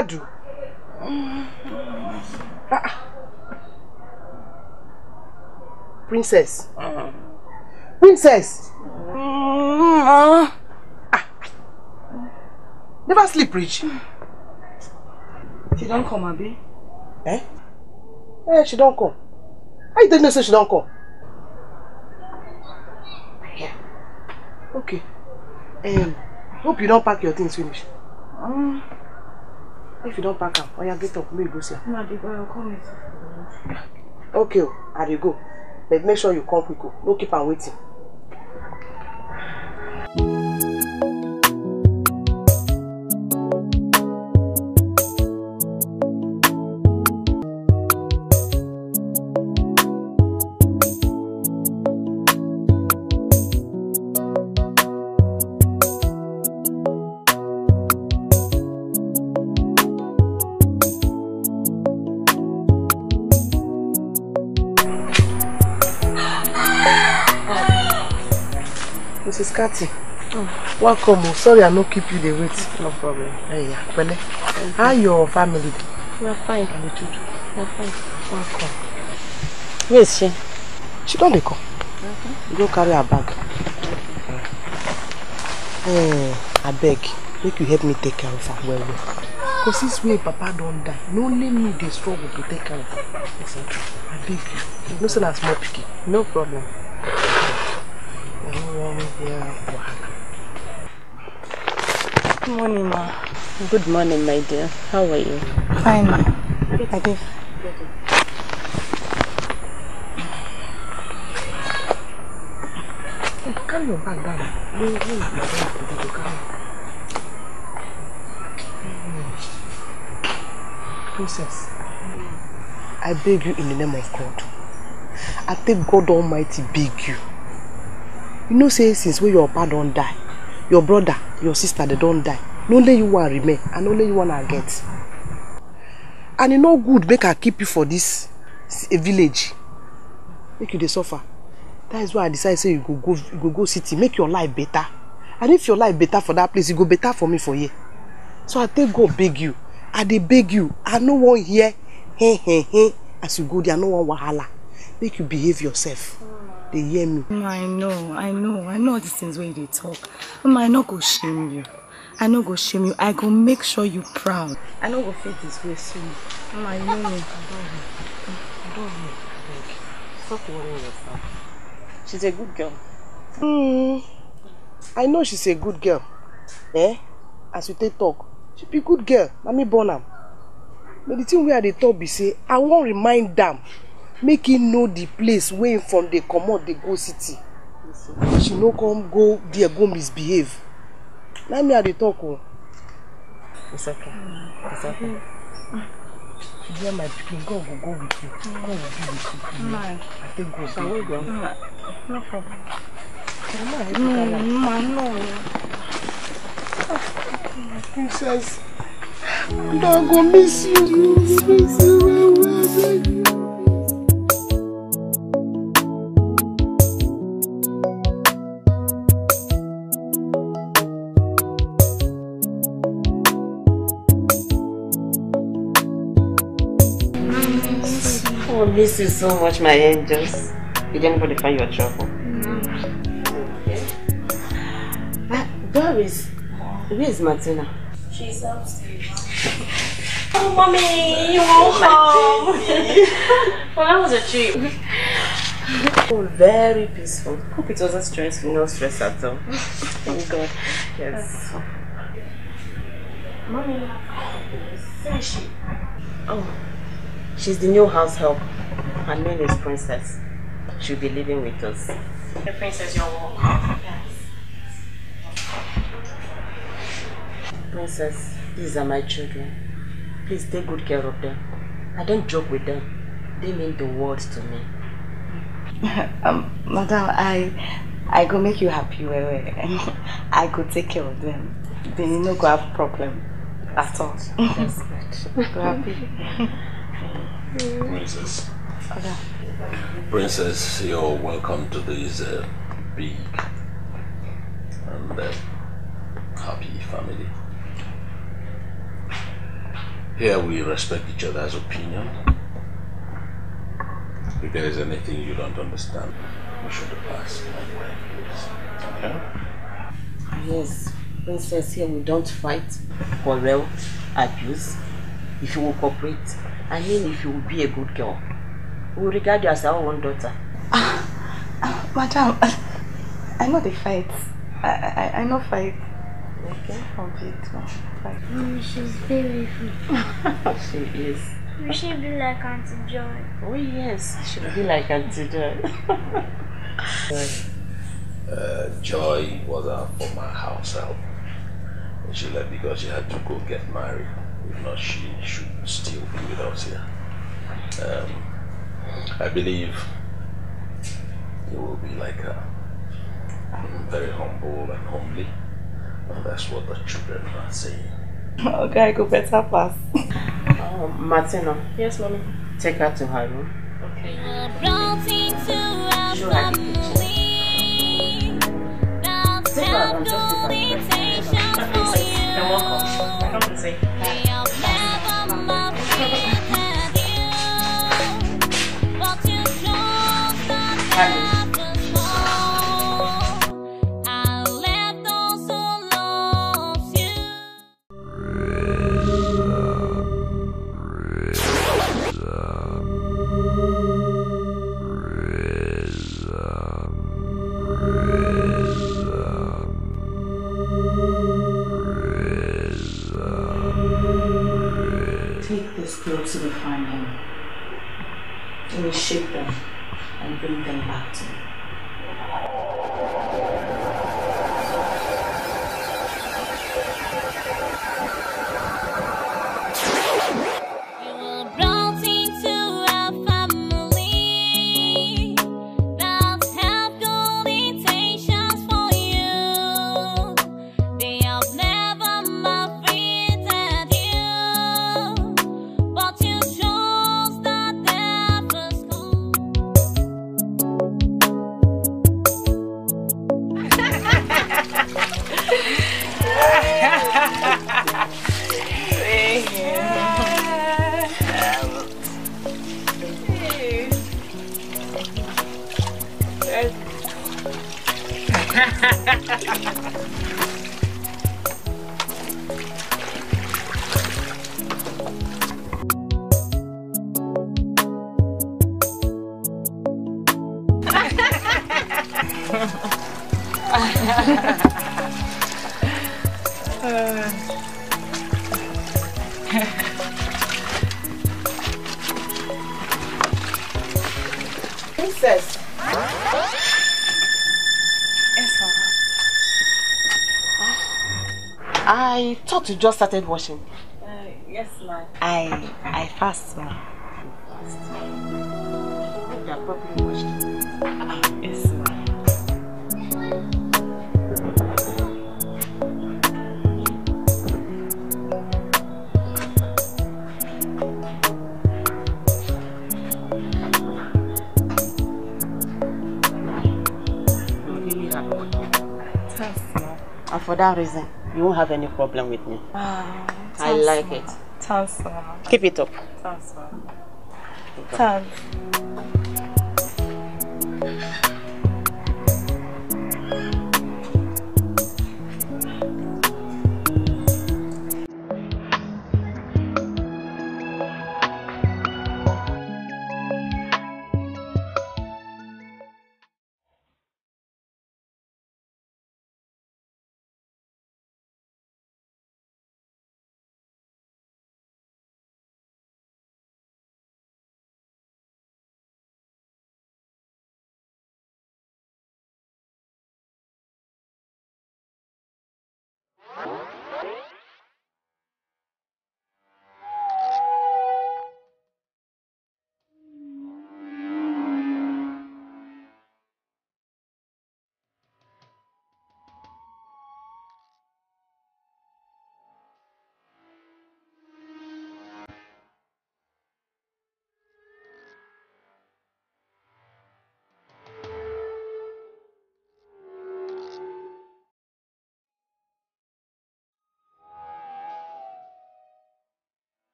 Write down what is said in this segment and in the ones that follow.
Madu. Ah. Princess. Princess. Ah. Never sleep, Rich. She don't come, Abi. Eh? Eh, she don't come. I didn't say she don't come. Okay. Um, hope you don't pack your things finish if you don't pack am oya get up Me go see am. na the boy come with you. okay o oh, i go but make sure you come quick o oh. no keep on waiting. Kathy. Oh. Welcome. Sorry I no keep you the wait. No problem. Hey, yeah. Pẹ̀lẹ́. You. How your family? We are fine. And you too? We are fine. Welcome. Where is she? She don dey come. Go carry her bag. Okay. Mm, I beg, make you help me take care of her well well. Cause this way Papa don't die. No only me dey struggle to take care of her. I beg you. No say na small pikin. No problem. Good morning, ma. Good morning, my dear. How are you? Fine, ma. I did. Carry your bag down. Where is your bag? Did you carry? Princess, I beg you in the name of God. I take God Almighty beg you you know say since when your papa don't die your brother your sister they don't die na only you wan remain and only you wan get and e no good make i keep you for this a village make you dey suffer that is why i decide say you go go you go go city make your life better and if your life better for that place you e go better for me for here so i take go beg you i dey beg you i no wan here. hey hey hey as you go there no one wahala make you behave yourself. Mm. They hear me. i know i know i know all the things when they talk mama i no go shame you i no go shame you i go make sure you proud i no go fit this way soon mama you know me i don stop worrying yourself she's a good girl. Mm, i know she's a good girl eh as we take talk she be good girl na me born am but the thing we are dey talk be say i won't remind them make him know the place wey him from dey comot dey go city she no come go there go misbehave na me i dey talk o. Oh. it's okay it's okay dear mm-hmm. my pikin god go go with you god go be with you mm-hmm. i think thank god for you. no problem. no mm, ma no. Oh princess. I go miss you. Miss you. Miss you. will miss you so much, my angels. Did anybody find your trouble? No. Okay. Uh, Doris, where is Martina? She's upstairs. oh, mommy, you won't well, that was a treat. Oh, very peaceful. Hope it wasn't stressful. No stress at all. Thank God. Yes. Mommy, where is she? Oh. She's the new house help. Her name is Princess. She'll be living with us. The princess, you're welcome. Princess, these are my children. Please take good care of them. I don't joke with them. They mean the world to me. um, madam, I I go make you happy, I could take care of them. They no go have problem at all. That's good. go happy. Princess. Okay. Princess, you're welcome to this uh, big and uh, happy family. Here we respect each other's opinion. If there is anything you don't understand, we should pass my way, please. Okay? Yes, Princess, here we don't fight, quarrel, abuse if you will cooperate. I mean, if you will be a good girl. We will regard you as our own daughter. Uh, uh, madam, I know the fight. I, I, I know fight. Okay. Complete one. Fight. Mm, she's beautiful. she is. We should be like Auntie Joy. Oh yes, she will be like Auntie Joy. uh, Joy was our former house help. She left because she had to go get married no, she should still be with us here. Um, I believe you will be like her, um, very humble and homely. And that's what the children are saying. Okay, I go better pass. oh, Martina. Yes, mommy. Take her to her room. Okay. Take her, I'm just you come on, Come and see. is to the family. We shake them and bring them back to you just started washing? Uh, yes, ma'am. I, I fast, ma'am. Fast. You are properly washed. Yes, ma'am. And for that reason, you won't have any problem with me. Ah, I like it. Thanks. Keep it up. Thanks. Thanks.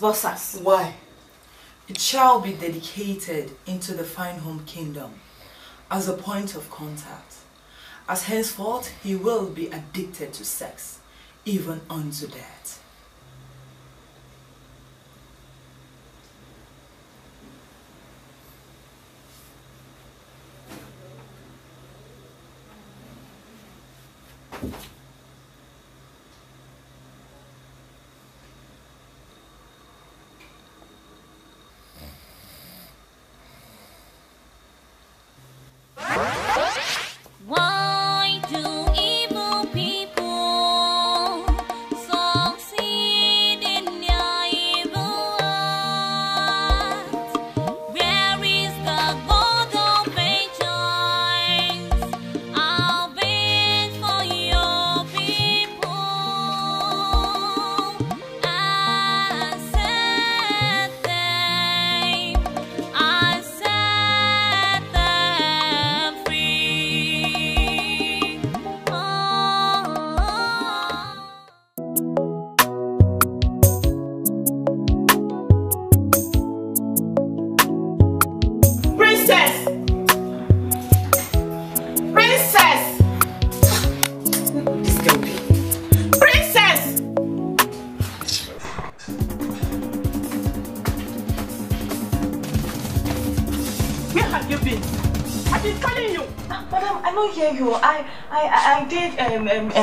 Why? It shall be dedicated into the fine home kingdom as a point of contact, as henceforth he will be addicted to sex, even unto death.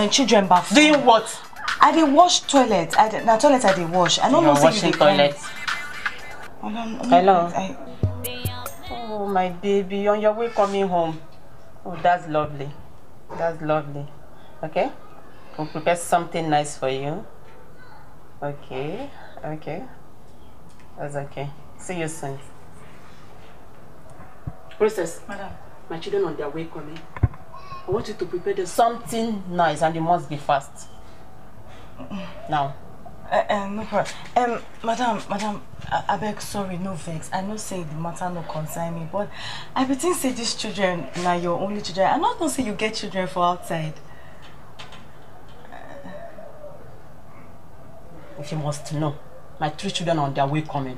in children bathroom. Doing what? I did wash toilet. I did, toilet I did wash. I don't know are know washing toilet. Oh, Hello. I, oh my baby, on your way coming home. Oh, that's lovely. That's lovely. Okay, we'll prepare something nice for you. Okay, okay. That's okay. See you soon. Princess, madam, my children on their way coming. I want you to prepare them something nice and it must be fast. Now. Uh, uh, no problem. Um, madam, madam, I, I beg sorry, no vex. I know say the matter no concern me, but I be think say these children you your only children. I am not gonna say you get children for outside. If you must know, my three children on their way coming.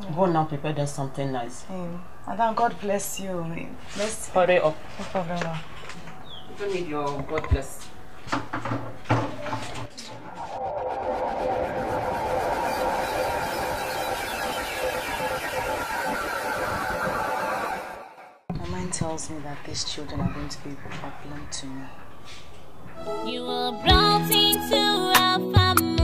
Mm. Go now, prepare them something nice. Mm. Madam, God bless you. Bless. Hurry up. No problem don't need your God bless. My mind tells me that these children are going to be a problem to me. You were brought into a family.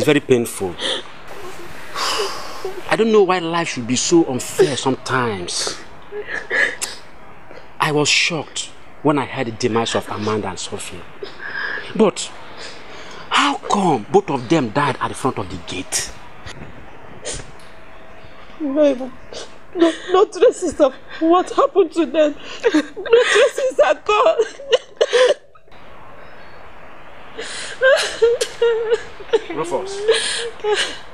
It's very painful. I don't know why life should be so unfair sometimes. I was shocked when I heard the demise of Amanda and Sophia. But how come both of them died at the front of the gate? No, no, no traces of what happened to them. No traces at all. Rufus,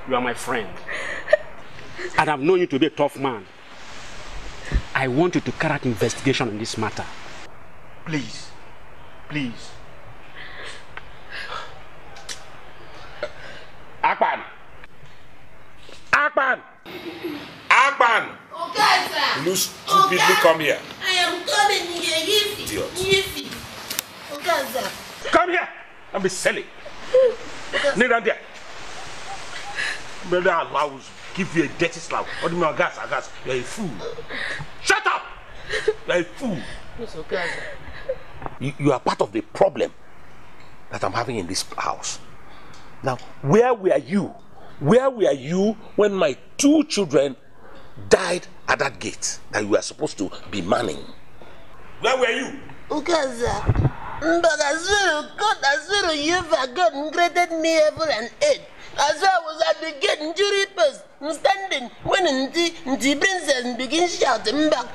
you are my friend. And I've known you to be a tough man. I want you to carry out investigation on this matter. Please. Please. Akpan! Akpan! Akpan! Okay, sir. You stupidly okay. come here. I am coming here. Yifi. Yifi. Okay, sir. Come here! Don't be selling. Kneel down there. Brother Allah will give you a dirty slap. What do you mean, gas? gas? You're a fool. Shut up! You're a fool. You, you are part of the problem that I'm having in this house. Now, where were you? Where were you when my two children died at that gate that you were supposed to be manning? Where were you? Ukaza. But as swear as God, I you, God created me heaven and earth. As I was at the gate, jury post, standing, when the, the princess begin shouting back,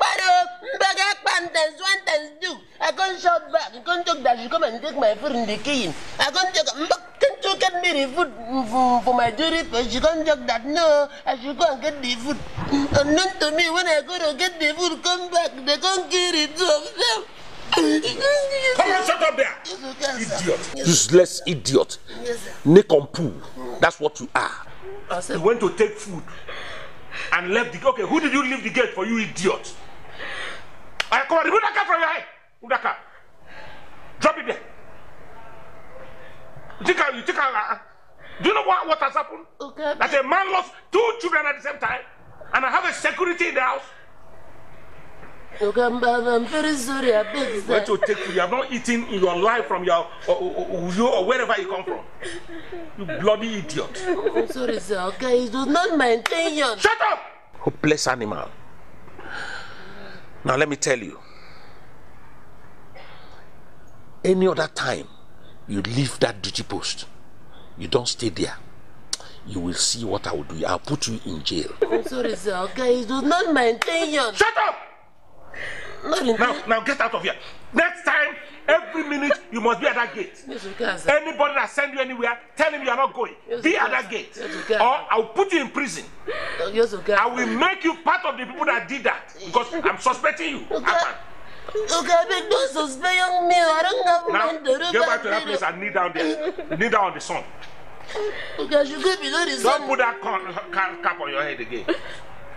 one, times two. I can't shout back. I can't talk that she come and take my food in the kitchen. I can't take, can't you get me the food for, for my jury post? She can't talk that, no, I should go get the food. Unknown to me, when I go get the food, come back, they can't kill it to themselves. Come on, shut up there. idiot. Useless idiot. Yes, Nick on That's what you are. You went to take food and left the Okay, who did you leave the gate for, you idiot? I right, come on, remove that car from your head. Remove Drop it there. You think I, you think I, uh, uh do you know what, what has happened? Okay. That a man lost two children at the same time, and I have a security in the house. Where to take you? You have not eaten in your life from your or, or, or wherever you come from. You bloody idiot. I'm sorry, sir. Okay, it was not my intention. Shut up! Hopeless animal. Now let me tell you. Any other time you leave that duty post, you don't stay there you will see what I will do. I'll put you in jail. I'm sorry, sir. Okay, it was not my intention. Shut up! now, now get out of here. Next time, every minute, you must be at that gate. Anybody that send you anywhere, tell him you are not going. Be at that gate. Or I'll put you in prison. Uh, I will make you part of the people that did that. Because I'm suspecting you. Okay, big don't suspect young me. I don't have now, get back to that place and kneel down there. kneel down on the sun. Okay, I should go below the sun. Don't put that cap on your head again.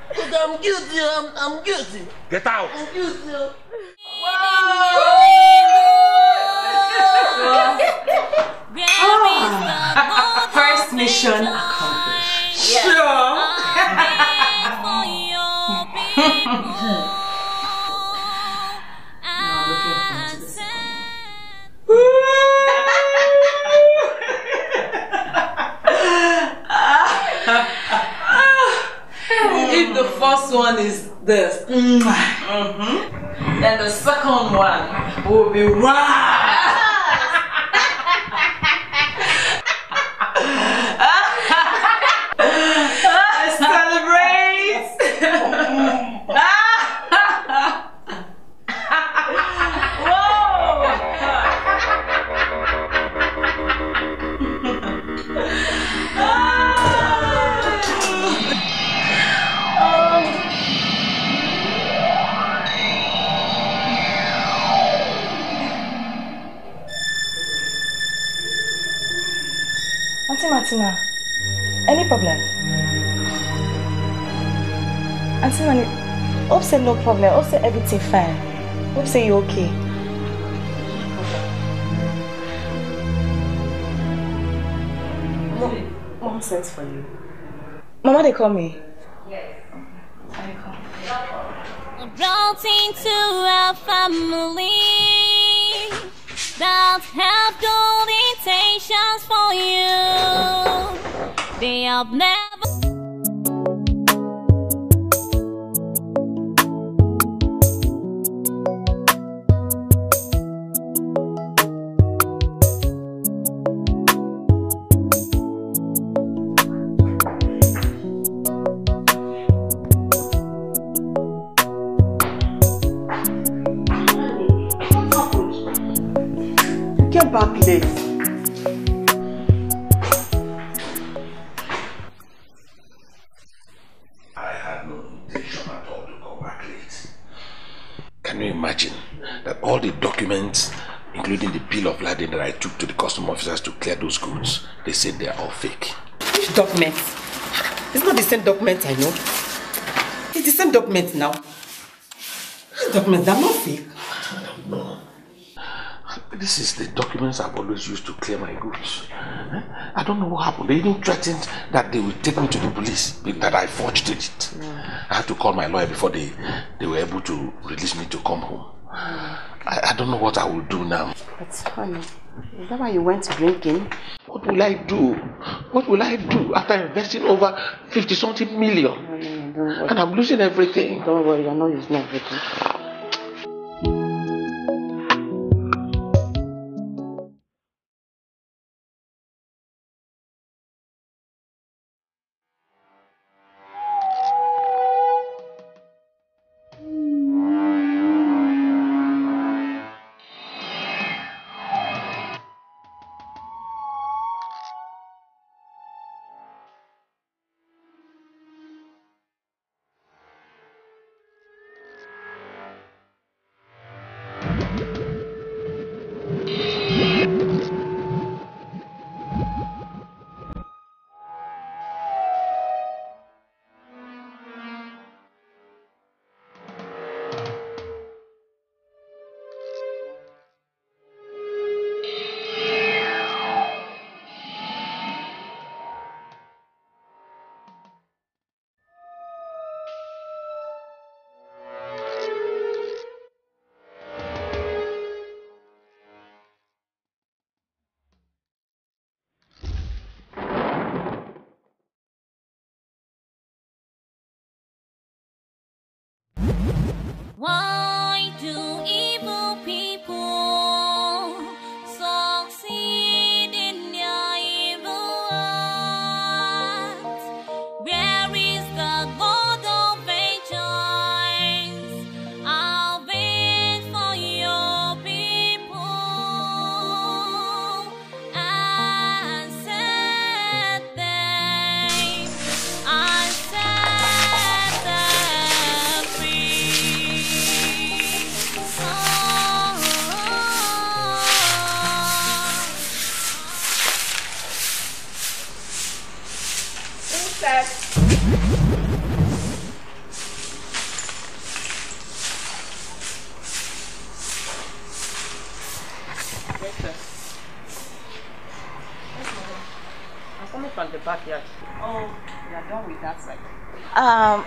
Because I'm guilty. I'm, I'm guilty. Get out. I'm guilty. First mission accomplished. Sure. if the first one is this, mm -hmm. and the second one will be wow. Antina, any problem? Antina, hope say no problem. Hope say everything fine. Hope say you okay. Mom, mom sends for you. Mama, they call me. Yes. I call. Brought into our family that have good intention be up now. now. These documents are not fake. This is the documents I've always used to clear my goods. Eh? I don't know what happened. They even threatened that they will take me to the police that I forged it. Yeah. I had to call my lawyer before they, they were able to release me to come home. Mm. I, I don't know what I will do now. That's funny. Is that why you went drinking? What will I do? What will I do after investing over 50 something million? Mm. Don't worry. And I'm losing everything. Don't worry, I know you're not everything.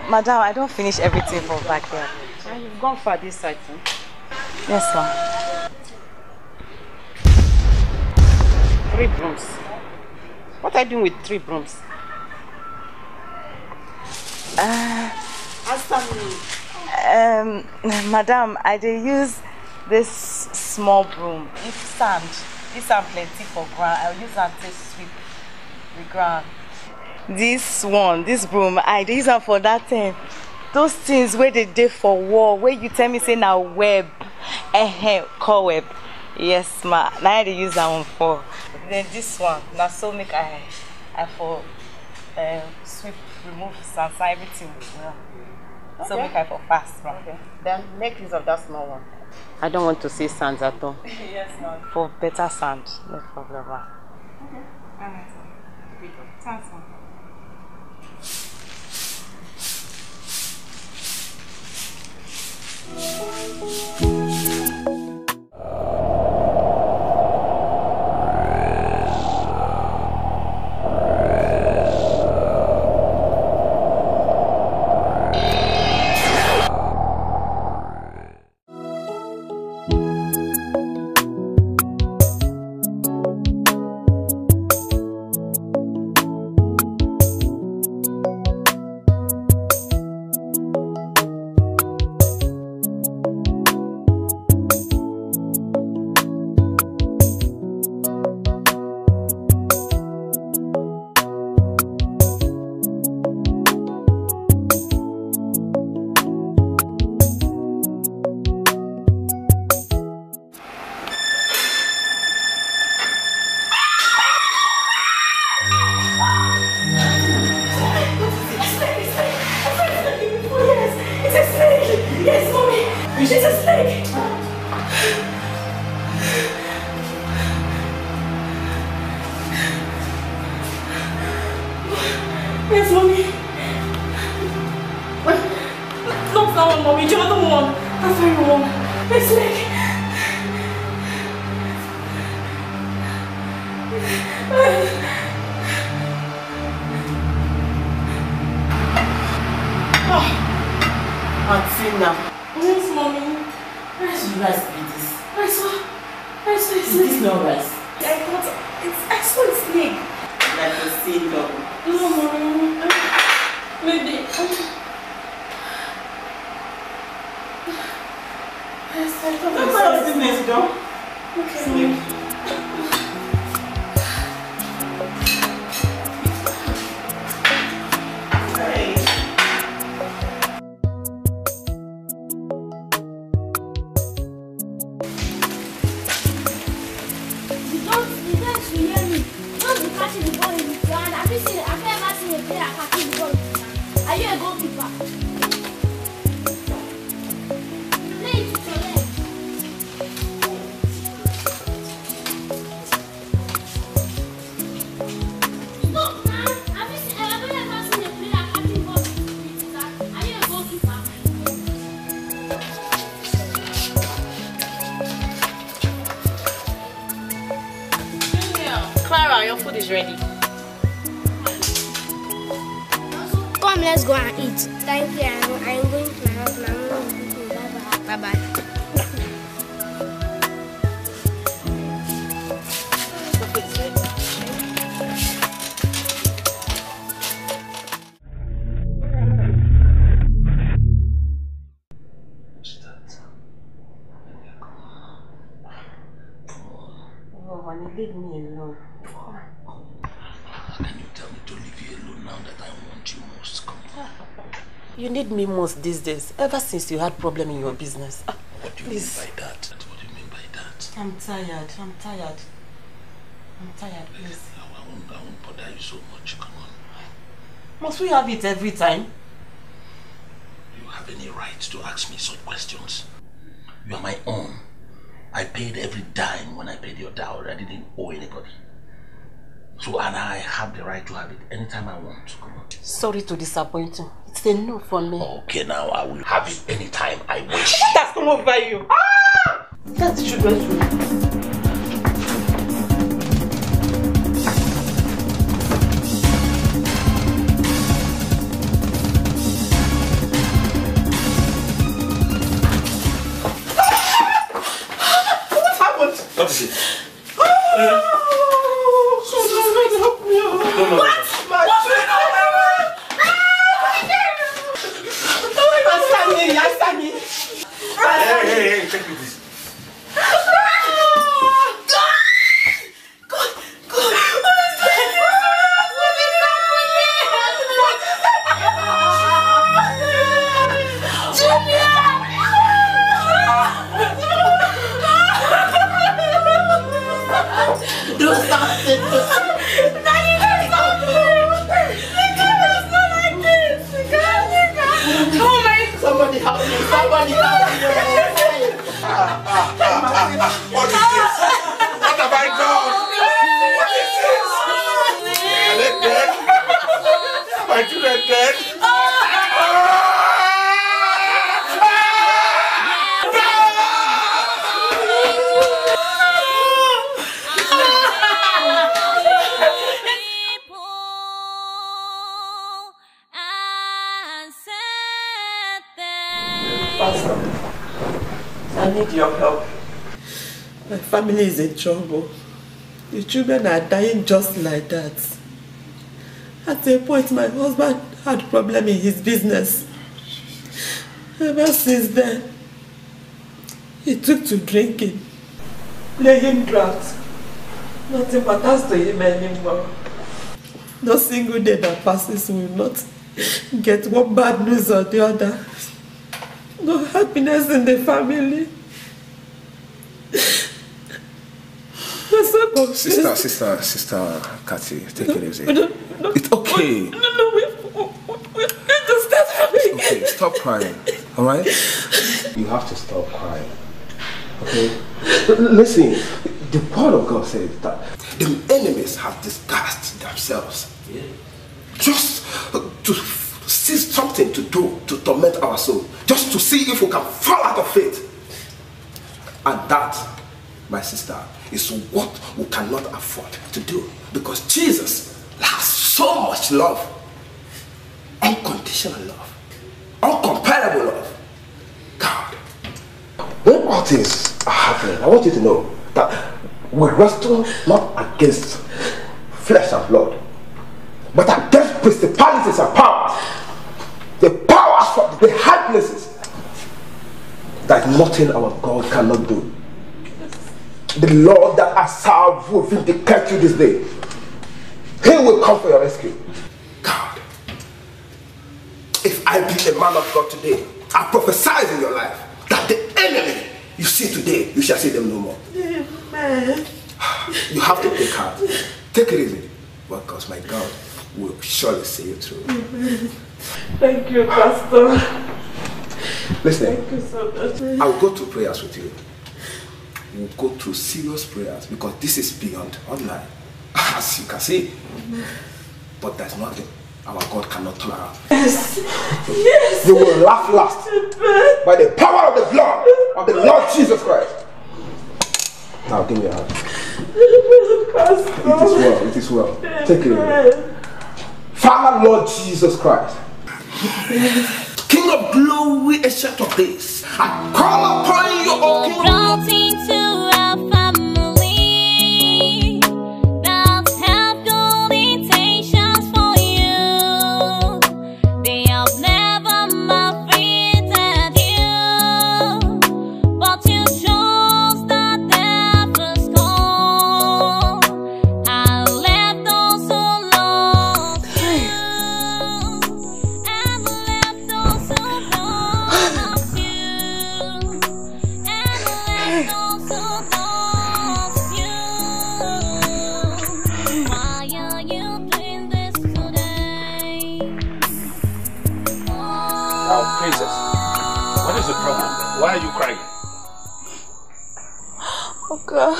Madam, I don't finish everything from back there. And ah, you've gone far this side, huh? Yes, ma'am. Three brooms. What are you doing with three brooms? Uh, Answer me. Um, madam, I dey use this small broom. If sand, This sand plenty for ground, I'll use am take sweep the ground this one this broom i use am for that thing those things where they did for war. Where you tell me say now web ehem call web yes ma Now i use that one for then this one now so make i i for uh, sweep remove sand sand everything well okay. so make i for fast, ma. Okay. then make use of that small one. i don't want to see sand at all. yes ma'am. for better sand no problem ma. okay. all Thanks, ma'am. you 拜拜。worried me most these days, ever since you had problem in your business. what do you please. mean by that? What do you mean by that? I'm tired, I'm tired. I'm tired, please. I won't, I won't bother you so much, come on. Must we have it every time? You have any right to ask me such questions. You are my own. I paid every dime when I paid your dowry. I didn't owe anybody. So, and I have the right to have it anytime I want. Sorry to disappoint you. It's a no for me. Okay, now I will have it anytime I wish. That's come over you? Ah! That's children's room. What is it? no, no. What? My what? My family, my family. Hey, hey, hey, take me this. 啊啊！我。My family is in trouble. The children are dying just like that. At a point, my husband had problem in his business. Ever since then, he took to drinking, playing drugs. Nothing matters to him anymore. No single day that passes will not get one bad news or the other. No happiness in the family. Sister, sister, sister, Kathy, take no, it easy. No, no, it's okay. No, no, we, we, we just start having okay, stop crying, all right? You have to stop crying, okay? Listen, the word of God says that the enemies have disguised themselves. Yeah. Just to see something to do to torment our soul. Just to see if we can fall out of faith. And that, my sister, is what we cannot afford to do because Jesus has so much love, unconditional love, uncomparable love. God. When all things are happening, I want you to know that we wrestle not against flesh and blood, but against principalities and powers, the powers from the high places. that nothing our God cannot do. The Lord that I serve will vindicate you this day. He will come for your rescue. God, if I be a man of God today, I prophesy in your life that the enemy you see today, you shall see them no more. Amen. You have to take heart. Take it easy. Because my God will surely see you through. Amen. Thank you, Pastor. Listen, Thank you so much. I'll go to prayers with you will go through serious prayers because this is beyond online, as you can see. Mm-hmm. But that's not it. Our God cannot tolerate. Yes, yes. You will laugh last by the power of the blood of the Lord Jesus Christ. Now give me a hand. It is well, it is well. Take it. Father, Lord Jesus Christ. Yes. King of glory, a ancient of days. I call upon you, O King. Oga,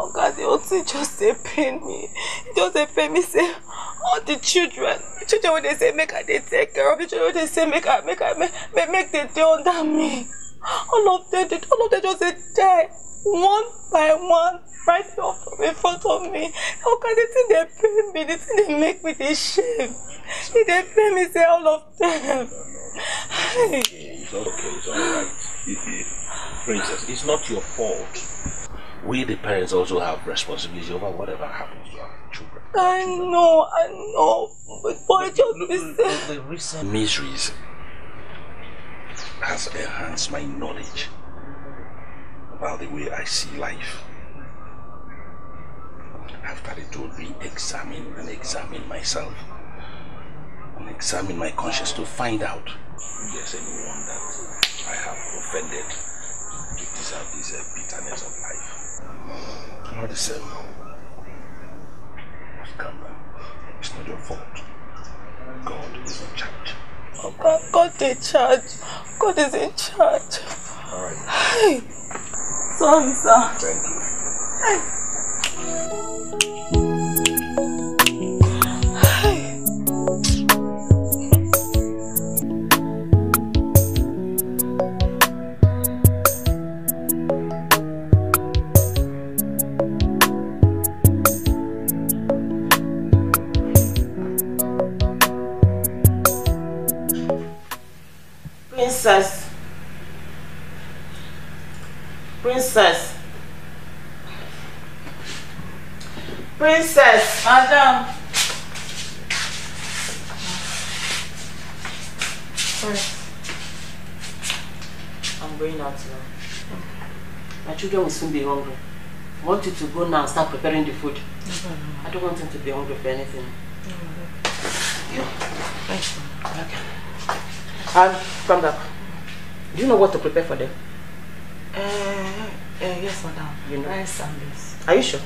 Oga, the old thing just they pain me. Just they pain me say all the children, the children when they say make I they take care of the children when they say make I make I make make, they dey under me. All of them, they, all of them just they die one by one right up in front of me. Oga, the thing they pain me, the thing they make me they shame. They pain me say all of them. Hey. It's okay, it's alright. princess. It's not your fault. We, the parents, also have responsibility over whatever happens to our children. I children. know, I know. But why just listen? The recent miseries has enhanced my knowledge about the way I see life. I've started to re-examine and examine myself and examine my conscience to find out if there's anyone that I have offended. is this uh, bitterness of life. I'm not the same. Just calm down. It's not your fault. God is in charge. Oh God, God in charge. God is in charge. All Hey. Sorry, sir. Thank you. Hey. Hey. princess princess princess madam i'm going out now my children will soon be hungry i want you to go now and start preparing the food i don't want them to be hungry for anything you thanks okay and from that, do you know what to prepare for them? Uh, uh, yes, madam. You know? I and beans. Are you sure?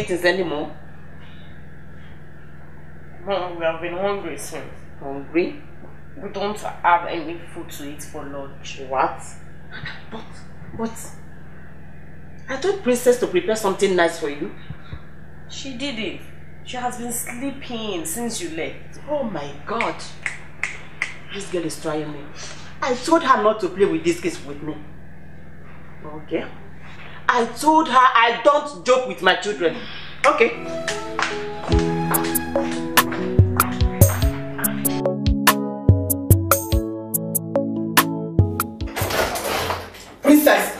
meetings anymore? No, we have been hungry since. Hungry? We don't have any food to eat for lunch. What? But, but, I told Princess to prepare something nice for you. She did it. She has been sleeping since you left. Oh my god. This girl is trying me. I told her not to play with these kids with me. Okay. I told her I don't joke with my children. Okay. Princess!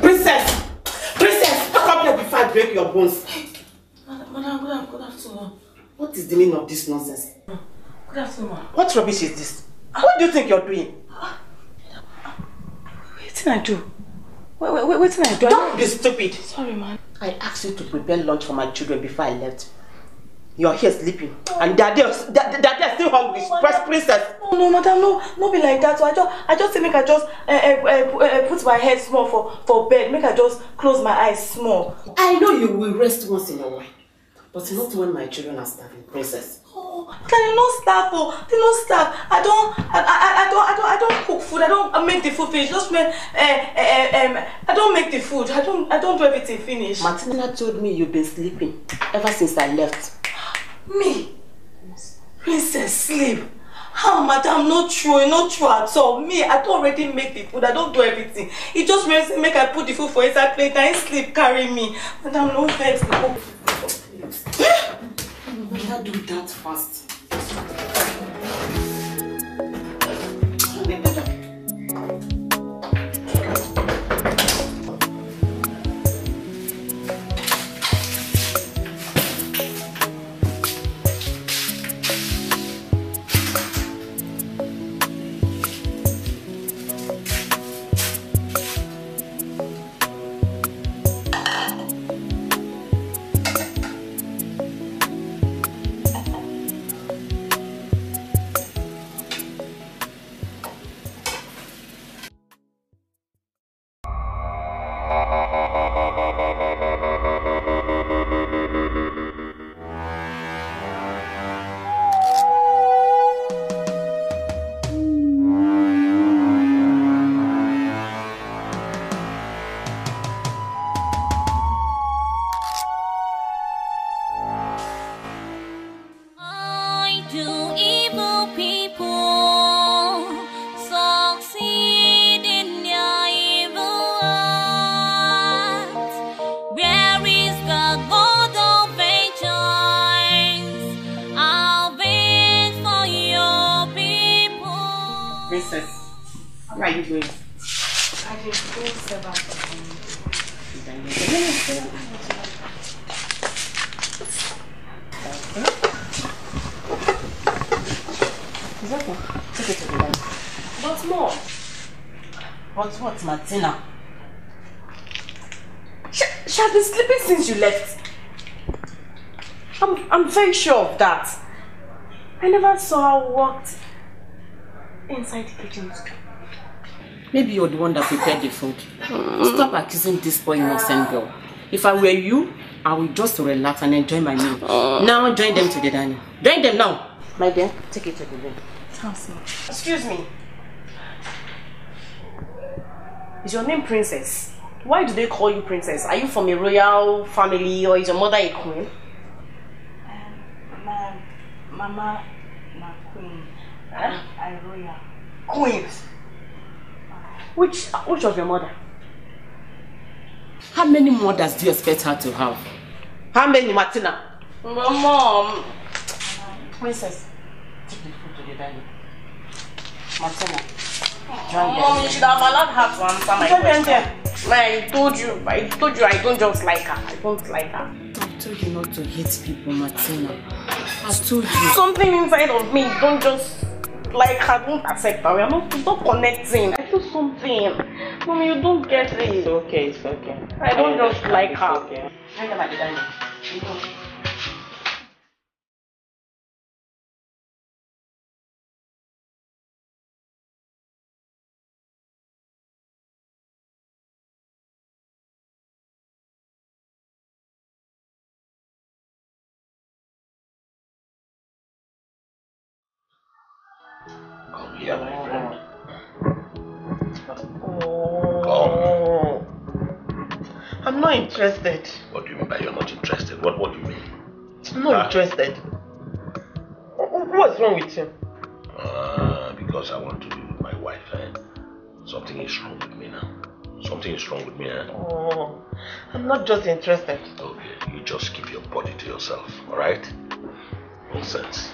Princess! Princess! Wake up here before I break your bones. Madam, madam, good afternoon. What is the meaning of this nonsense? Good afternoon, What rubbish is this? what do you think you're doing? Ah, ah, what do I do? Wait, wait, wait, wait a minute. Do Don't be stupid. Sorry, man. I asked you to prepare lunch for my children before I left. You're here sleeping. Oh. And daddy, daddy, daddy is still hungry. Oh, Press princess. No, no, madam, no. No be like that. So I just, I just make I just uh, uh, uh, put my head small for, for bed. Make I just close my eyes small. I know you will rest once in a while. But not when my children are starving, princess can you not stop? Oh, Can you not stop. I don't, I, I, I don't, I don't, I don't cook food. I don't make the food finish. Just make, uh, uh, um, I don't make the food. I don't, I don't do everything finish. Martina told me you've been sleeping ever since I left. Me, princess, sleep. How, oh, madam? Not true, not true at all. Me, I don't already make the food. I don't do everything. It just means make I put the food for inside plate and sleep carry me. Madam, no vex. Oh. better do that fast. sure of that. I never saw her walked inside the kitchen. Maybe you're the one that prepared the food. Stop accusing this poor innocent girl. If I were you, I would just relax and enjoy my meal. Now join them to the dining. Join them now. My dear, take it to the room. Excuse me. Is your name Princess? Why do they call you Princess? Are you from a royal family or is your mother a queen? Mama, my queen. huh? I royal. Queens? Which, which of your mother? How many mothers do you expect her to have? How many, Martina? My mom. Princess, take the food to the dining. Martina, join me. Mom, you should have allowed her to answer my question. I told you, I told you I don't just like her. I don't like her. I told you not to hate people, Martina. I told you. Something inside of me, don't just like her, don't accept her. We are not, not connecting. I feel something. Mommy, you don't get it. It's okay, it's okay. I don't I just like her. Okay. I'm not interested. What do you mean by you're not interested? What, what do you mean? I'm not ah. interested. What's wrong with you? Uh, because I want to be with my wife eh? something is wrong with me now. Something is wrong with me, eh? Oh, I'm not just interested. Okay, you just keep your body to yourself, alright? Nonsense.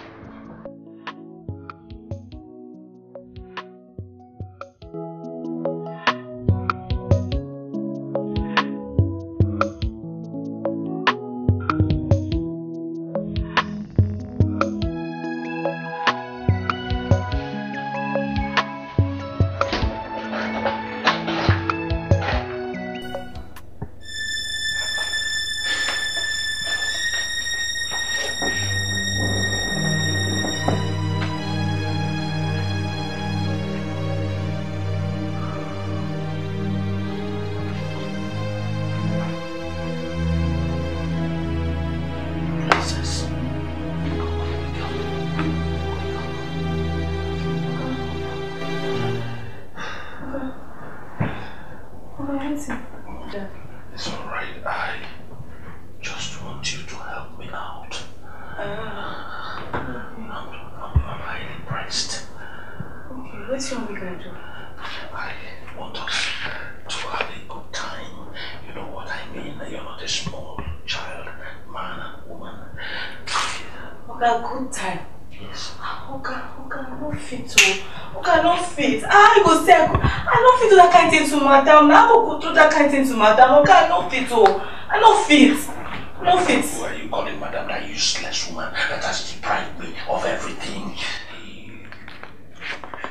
listening to madam. Okay, I no fit oh. I no fit. No fit. Who are you calling madam that useless woman that has deprived me of everything?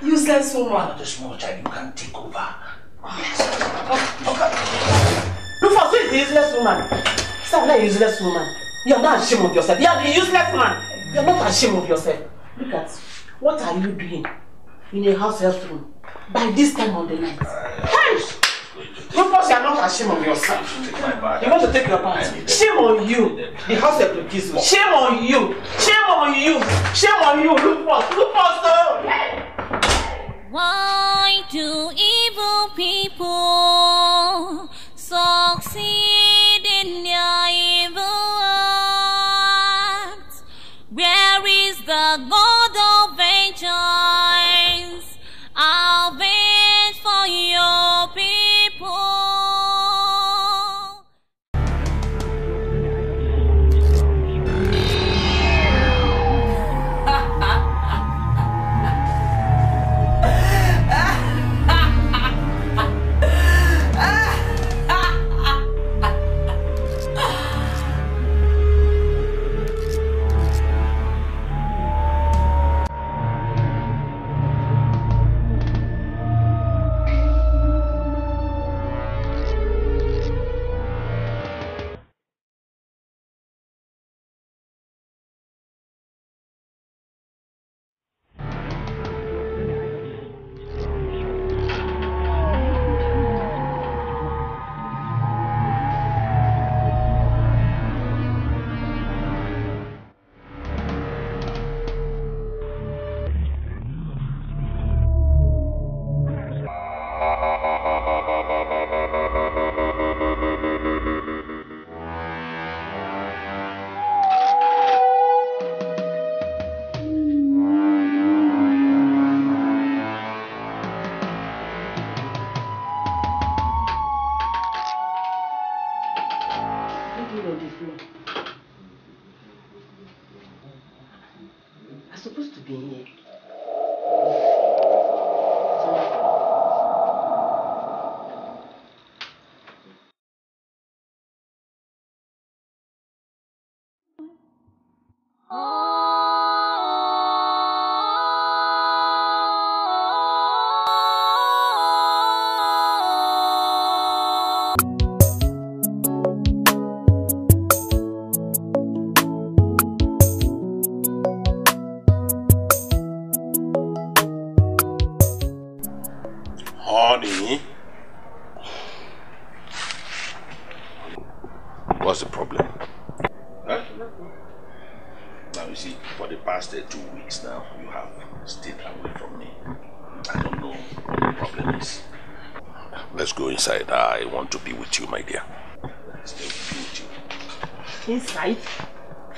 Useless woman. Not small child you can take over. Yes. Okay. okay. Rufus, who is the useless woman? Sir, not useless woman. You're not ashamed of yourself. You're the useless man. You're not ashamed of yourself. Look at what are you doing in a house help room by this time of the night? Uh, shame on yourself. You want to take your part? Shame on you. The house of the kiss Shame on you. Shame on you. Shame on you. Look for Look for oh. Why do evil people succeed in their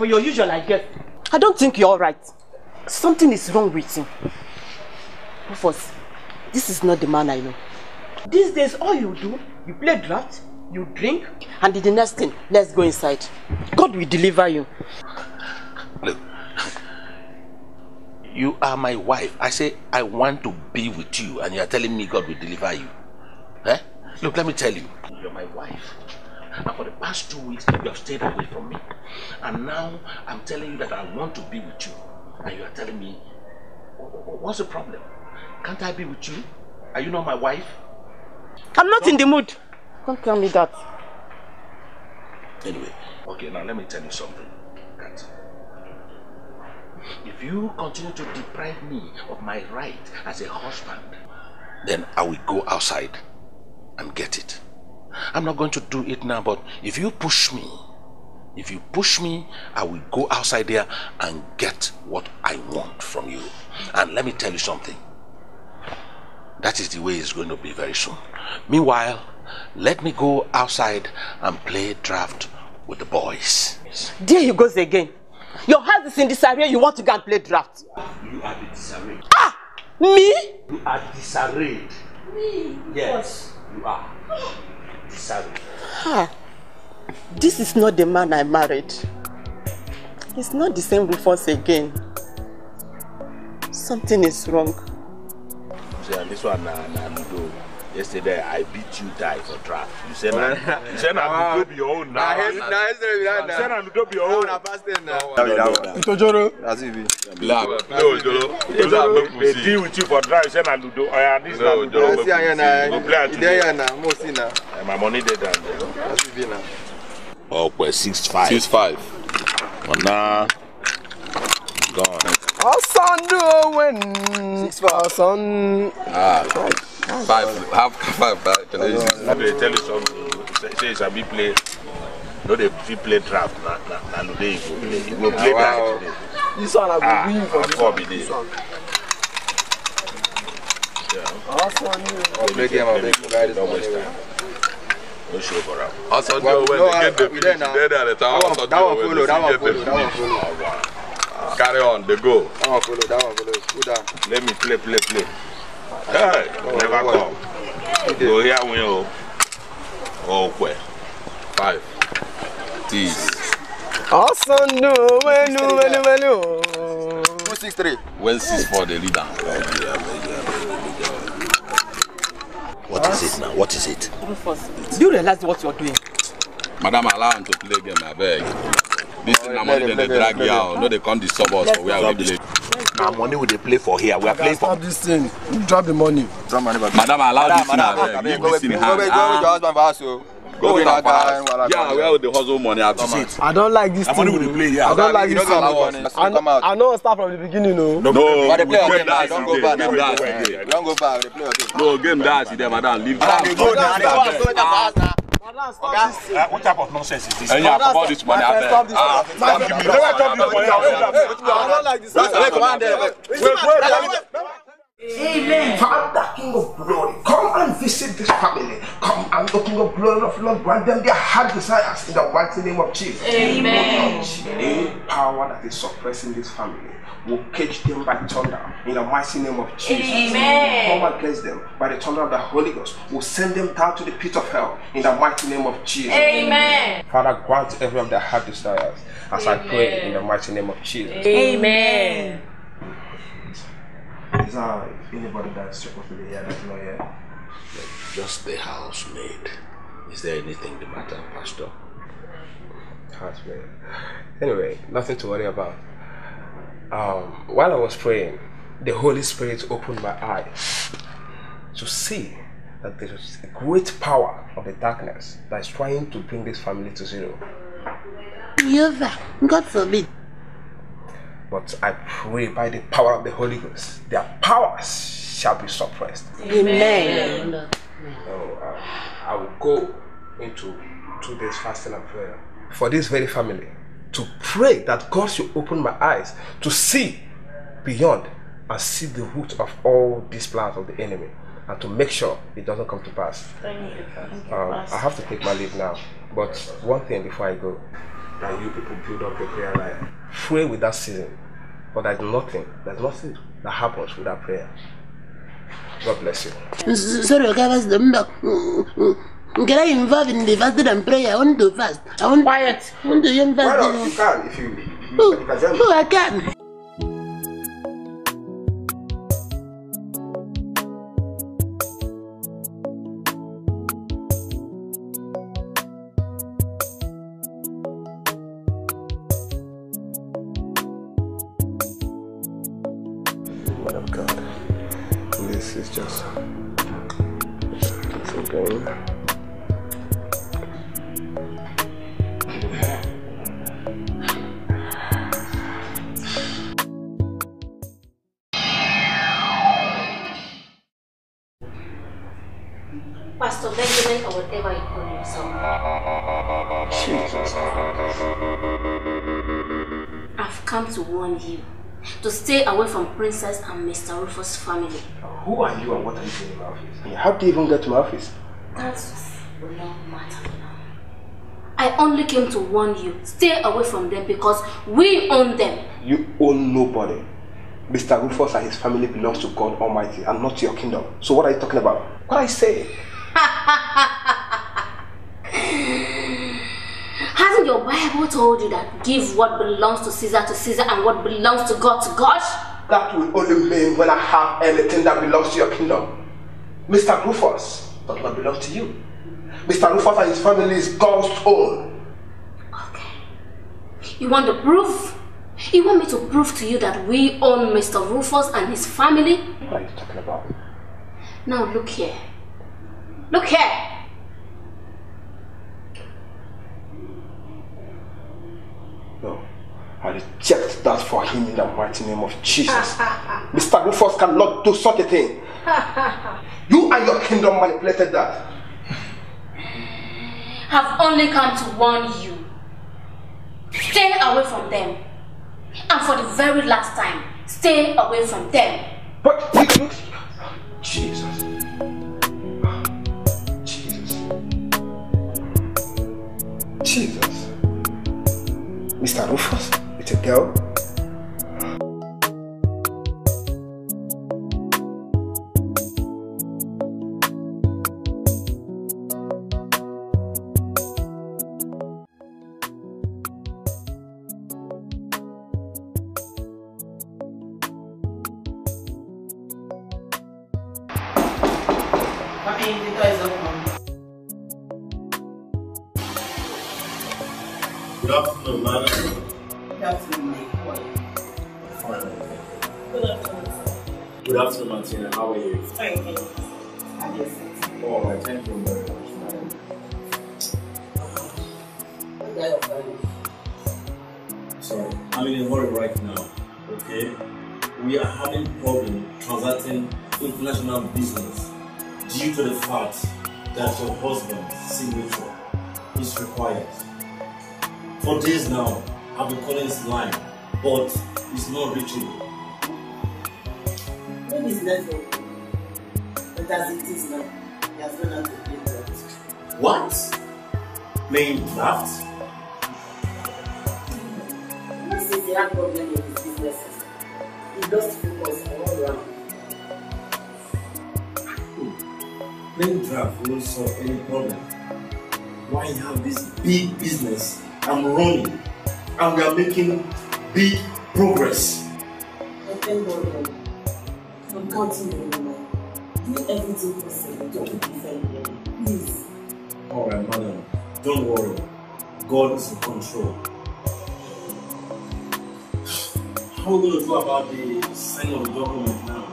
for your usual, I guess. I don't think you're alright. Something is wrong with him. Rufus, this is not the man I know. These days, all you do, you play draft, you drink, and the next thing, let's go inside. God will deliver you. Look, you are my wife. I say I want to be with you, and you are telling me God will deliver you. Eh? Look, let me tell you, you're my wife. And for the past two weeks, you have stayed away from me. And now I'm telling you that I want to be with you. And you are telling me, what's the problem? Can't I be with you? Are you not my wife? I'm not in the mood. Don't tell me that. Anyway, okay, now let me tell you something. Kat. If you continue to deprive me of my right as a husband, then I will go outside and get it. I'm not going to do it now, but if you push me, if you push me, I will go outside there and get what I want from you. And let me tell you something. That is the way it's going to be very soon. Meanwhile, let me go outside and play draft with the boys. There he goes again. Your house is in disarray. You want to go and play draft. You are the disarray. Ah! Me? You are disarrayed. Me? Yes, what? you are. Ah! Sorry. Ah, this is not the man I married. It's not the same Rufus again. Something is wrong. See, this one, nah, nah, no. Yesterday, I beat you die for draft. You said, na. you said I'm going to your own now. Nah, nah, nah, nah, nah. You said I'm going to your own. I'm fasting now. Itojoro. That's it. Black. No, Ojoro. They deal with you for draft. You said I'm going to your own. This is not Ojoro. Go play at you. There you are. Mostly now. Eh, my money dead down there. That's it. Oh, well, 6-5. 6-5. Well, nah. Gone. Ọ̀sánú Owen. Six for Ọ̀sán. Ah, five. Five. Half five. Five. Can I tell you something? Say, say, be play. No, they fit play draft. Na, na, na, today you go play. You go play wow. today. This one I go ah, win for this one. This one. Yeah. Ọ̀sánú. I'll play game. I'll play guys. No waste time. No show for up. Ọ̀sánú Owen. They get the finish. They're there at the time. Ọ̀sánú Owen. That one follow. That one Carry on, they go. That one follow, that one follow. Put down. Let me play, play, play. Hey, oh, never come. Go here, win. Oh, oh, where? Five. six. Awesome, no, menu, Two, six, three. Well, 6 for the leader. What is it now? What is it? do you realize what you're doing? Madam, allow him to play game, I beg. This thing na money dem dey drag here o. No they come disturb us for where we dey play. Na money we they play for here. We are playing for. Stop this thing. Drop the money. Drop money Madam, allow this thing abeg. Leave this in hand. Go with your husband for house oh. Go with your palace. Yeah, where we the hustle money at seat. I don't like this thing. Money we dey play here. I don't like this thing. I know. start from the beginning o. Oh. No, no. But the game dance today. Game dance Don't go back. They play No game dance today, madam. Leave that. Go dance. Go dance. Oga, uh, what type of nonsense is this? Ẹyin àkọ́kọ́ di tuma ni abẹ́. Never talk this money ah, abẹ́. Amen. Father, King of glory, come and visit this family. Come and open the glory of Lord, grant them their heart desires in the mighty name of Jesus. Amen. Any power that is suppressing this family, will catch them by thunder in the mighty name of Jesus. Amen. Come against them by the thunder of the Holy Ghost. We'll send them down to the pit of hell in the mighty name of Jesus. Amen. Father, grant every of their heart desires as Amen. I pray in the mighty name of Jesus. Amen. Is there anybody that's supposed to be here that's not here? Just the housemaid. Is there anything the matter, Pastor? Housemaid. Anyway, nothing to worry about um, while I was praying, the Holy Spirit opened my eyes to see that there is a great power of the darkness that is trying to bring this family to zero. Jehovah, God forbid. But I pray by the power of the Holy Ghost, their powers shall be suppressed. Amen. Amen. So, uh, I will go into two days fasting and prayer for this very family to pray that God should open my eyes to see beyond and see the root of all these plans of the enemy and to make sure it doesn't come to pass. Thank you. um, I have to take my leave now, but one thing before I go. That you people build up your prayer life. Pray with that season, but there's nothing, there's nothing that happens without prayer. God bless you. Sorry, okay, that's the Get involved in the fasting and prayer? I want to fast. I want quiet. I want to invest. Well, in... you can, if you, if you, if can. Oh, I can. God, this is just it's okay. you to stay away from Princess and Mr. Rufus' family. Who are you and what are you doing in my office? how do you even get to my office? That's no matter now. I only came to warn you. Stay away from them because we own them. You own nobody. Mr. Rufus and his family belongs to God Almighty and not to your kingdom. So what are you talking about? What I say? Hasn't your Bible told you that give what belongs to Caesar to Caesar and what belongs to God to God? That will only mean when I have anything that belongs to your kingdom. Mr. Rufus does not belong to you. Mr. Rufus and his family is God's own. Okay. You want the proof? You want me to prove to you that we own Mr. Rufus and his family? What are you talking about? Now look here. Look here! I reject that for him in the mighty name of Jesus. Mr. Rufus cannot do such a thing. you and your kingdom manipulated that. I've only come to warn you. Stay away from them. And for the very last time, stay away from them. But, Jesus. Jesus. Jesus. Mr. Rufus. to go. are making big progress. I thank God I'm counting on Do everything possible. Don't be Please. All right, madam. Don't worry. God is in control. How are we going to do about the signing of the government now?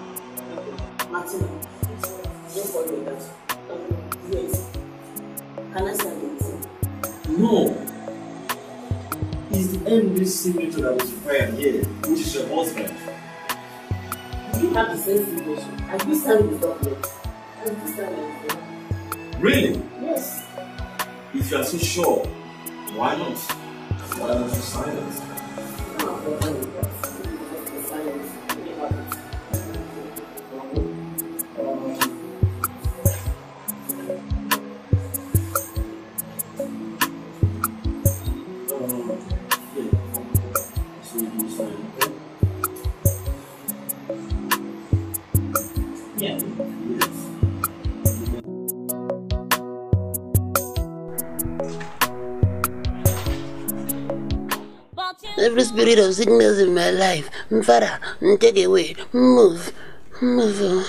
Martin, don't worry about that. Yes. Can I say it? No is the only signature that was required here, which is your husband. Do you have the same signature? Have you signed the document? Have you signed it? Really? Yes. If you are so sure, why not? Why not you sign it? Ah, no, Every spirit of sickness in my life, mm, Father, mm, take away, mm, move, move.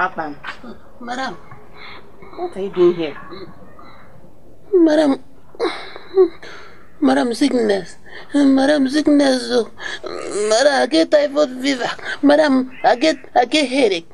Happen. Oh. Madam, what are you doing here? Madam, Madam sickness, Madam sickness, oh. Madam I get typhoid fever, Madam I get I get headache,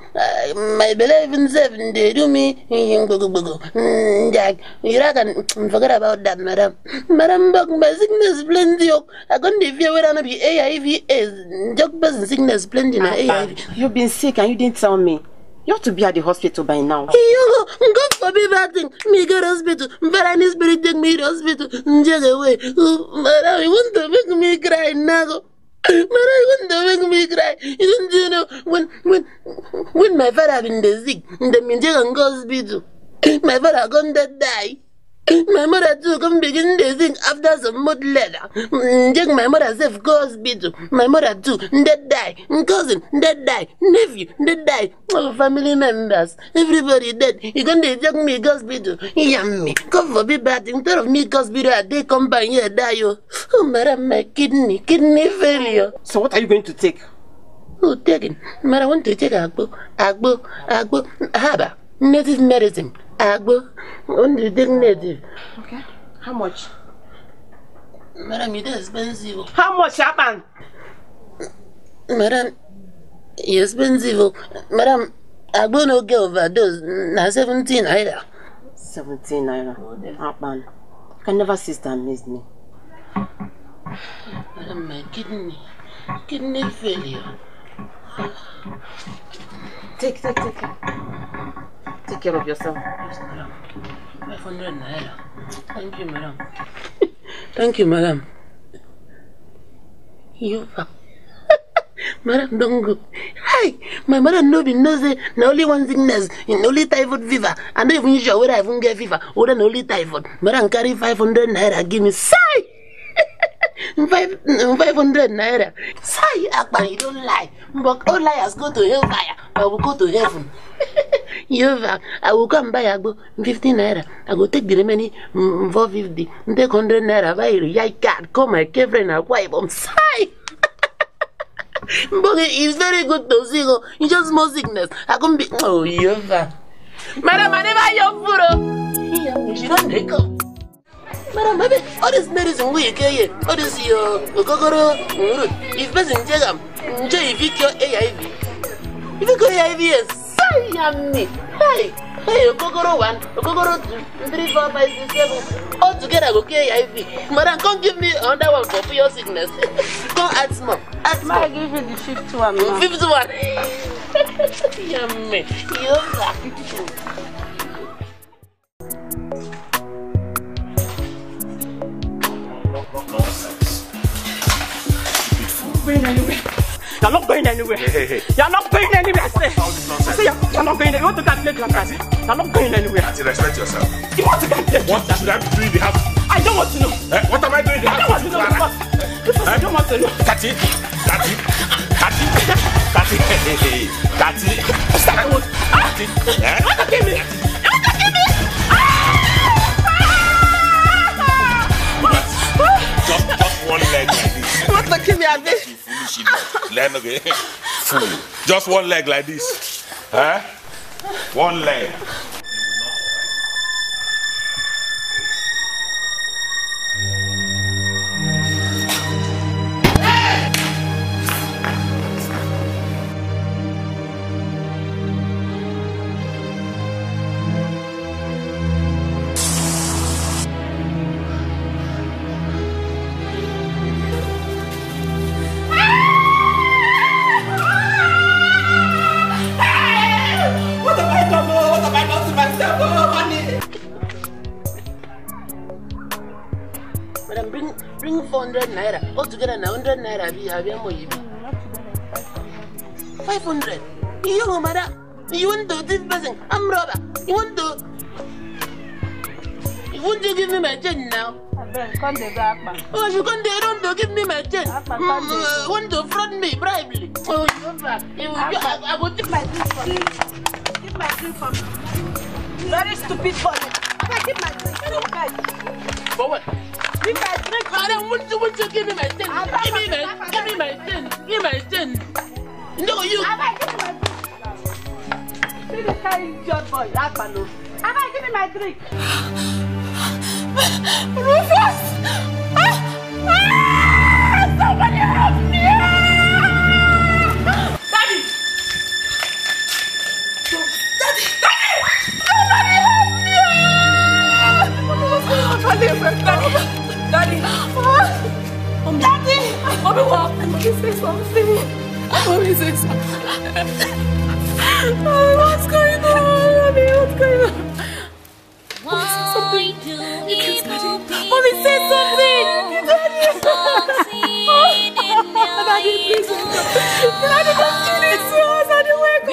my beloved seven day, do me hmm, Jack, you reckon forget about that, madam. Madam bug, my sickness plenty. I couldn't if you were be AIV is Jack person sickness plenty. Ah, ah, you've been sick and you didn't tell me. You ought to be at the hospital by now. You go, go for me that thing. Me go to hospital. But I need spirit take me to hospital. Jack away. Oh, madam, you want to make me cry now. Mara, I want to make me cry. You don't you know when when when my father been sick in the minjek and hospital. My father gonna die. My mother too come begin to sing after some month later. Take my mother safe be hospital. My mother too, dead die. Cousin, dead die. Nephew, dead die. All family members, everybody dead. You gonna take me go hospital. Yummy. Come for be bad. Instead of me go hospital, I come by here die yo. Oh madam, my kidney, kidney failure. So what are you going to take? Oh, taking. Madam, I want to take agbo, agbo, agbo, haba, native medicine. Agbo, only dignity. Okay. How much? Madam, it is expensive. How much happened? Madam, it's expensive. Madam, Agbo no get overdose. Na 17 naira. 17 naira. Happened. Can never sister miss me. Madam, my kidney. Kidney failure. Take, take, take. Take care of yourself. Yes, madam. 500 naira. Thank you, madam. Thank you, madam. You Madam don't go. Hi, my mother no be knows say na only one sickness, in only typhoid fever. I no even sure whether I even get fever or na only typhoid. Madam carry 500 naira give me. Sai! 500 naira. Sai, Akbar, you don't lie. But all liars go to hellfire. I will go to heaven. Yovac, I will come buy agbo 50 naira. I go take the remaining mm, 450. Take 100 naira, buy a card, call my girlfriend and wife. I'm sorry. Mbogi, it's very good to see you. It's just small sickness. I couldn't be. Oh, Yovac. Madam, I never your food. She don't recover. madam baby all this medicine we you here all this your uh, okokoro root mm, if person take am nje e fit cure aiv If you cure aiv yes yummy. Hey, hey, Okogoro one, Okogoro two, three, four, five, six, seven. All together, go care IV. Madam, come give me another one for your sickness. come add more, add more. I give you the fifth one. Now. Fifth one. yummy, yummy. Nonsense. Beautiful. Wait, You're not going anywhere. You're not going anywhere. I say. I say you're, not going anywhere. You want to calculate your price. You're not going anywhere. Auntie, respect yourself. You want to calculate What should I be doing in the house? I don't want to know. Eh, what am I doing in the house? I eh? don't want to know because, because eh? I don't want to know. Tati, Tati, Tati, Tati, Tati, Tati, Tati, eh? You want to kill me? You want me? Just, just one leg like this. You want to kill me, Abby? shit. Leg again. Just one leg like this. Huh? One leg. 500 naira bi habe mu yi 500 iyo ho mara you want to this person i'm robber you want to you want to give me my change now come the back man oh you come there don't give me my chain mm, uh, want to front me bribery oh you back you, you, I, I will take my drink from you take my drink from you very stupid boy i keep my drink you know what if I drink, Madam, won't you, won't you give me my ten? Give me my, give me my ten. Give my ten. No, you. my See this kind idiot boy, that man. Abba, give me my drink. Rufus! Ah! Ah! Somebody help me! Daddy! Daddy! Daddy! Somebody help me! Daddy! Daddy! Ah. Mommy. Daddy! Mommy, what Mommy, say something. Mommy, say something. Mommy, what's going on? Mommy, what's going on? Mommy, say something. Because Mommy, say something. Daddy. please. Daddy, don't do this to us. Daddy, wake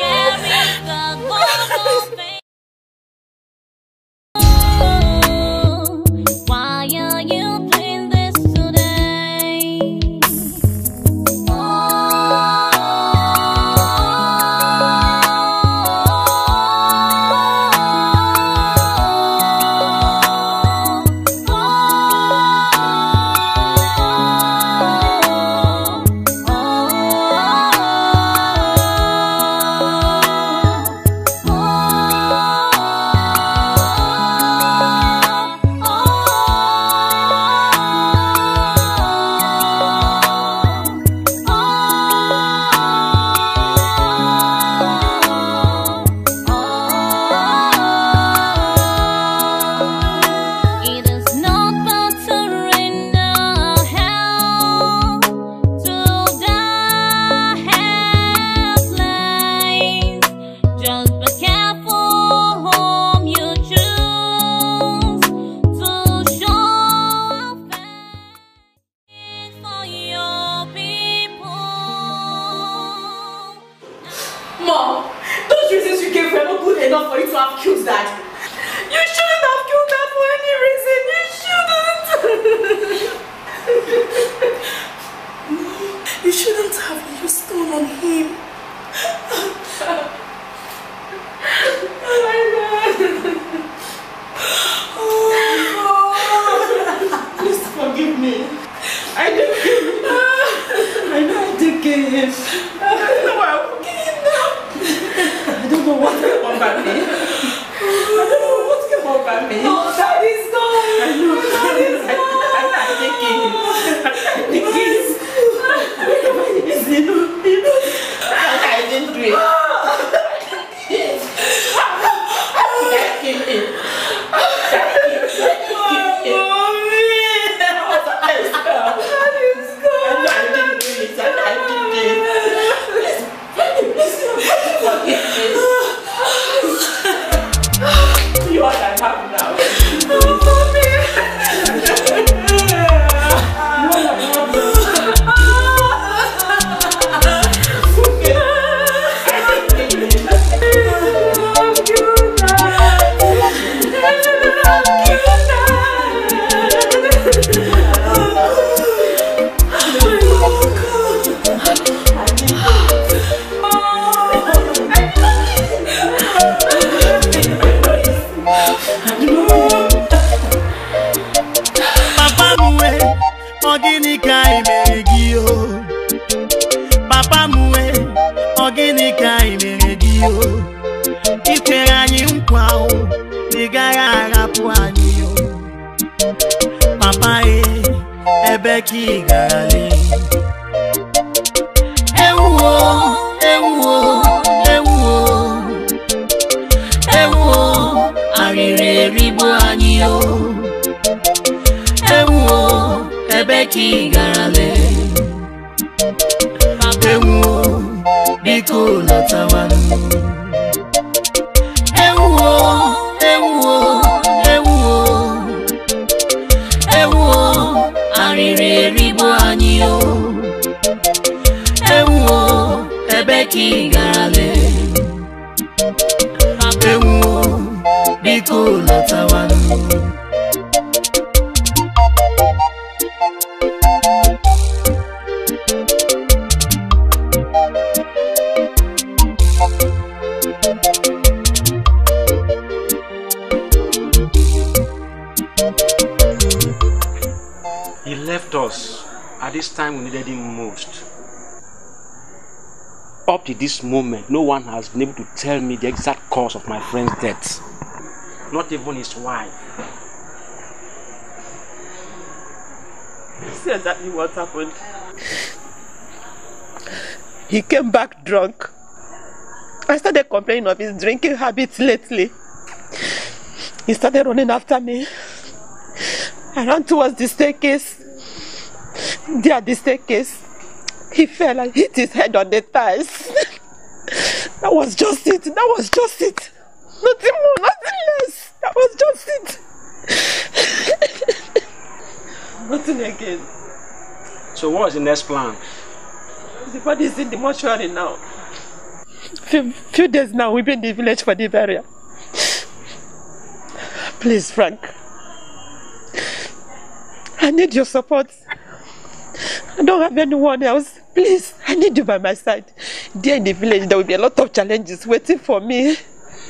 up. tell me the exact cause of my friend's death. Not even his wife. See exactly what happened. He came back drunk. I started complaining of his drinking habits lately. He started running after me. I ran towards the staircase. There, the staircase. He fell and hit his head on the tiles was just it. That was just it. Nothing more, nothing less. That was just it. nothing again. So what is the next plan? The body is in the mortuary now. Few, few days now, we've been in the village for the burial. Please, Frank. I need your support. I don't have anyone else. Please, I need you by my side there in the village, there will be a lot of challenges waiting for me.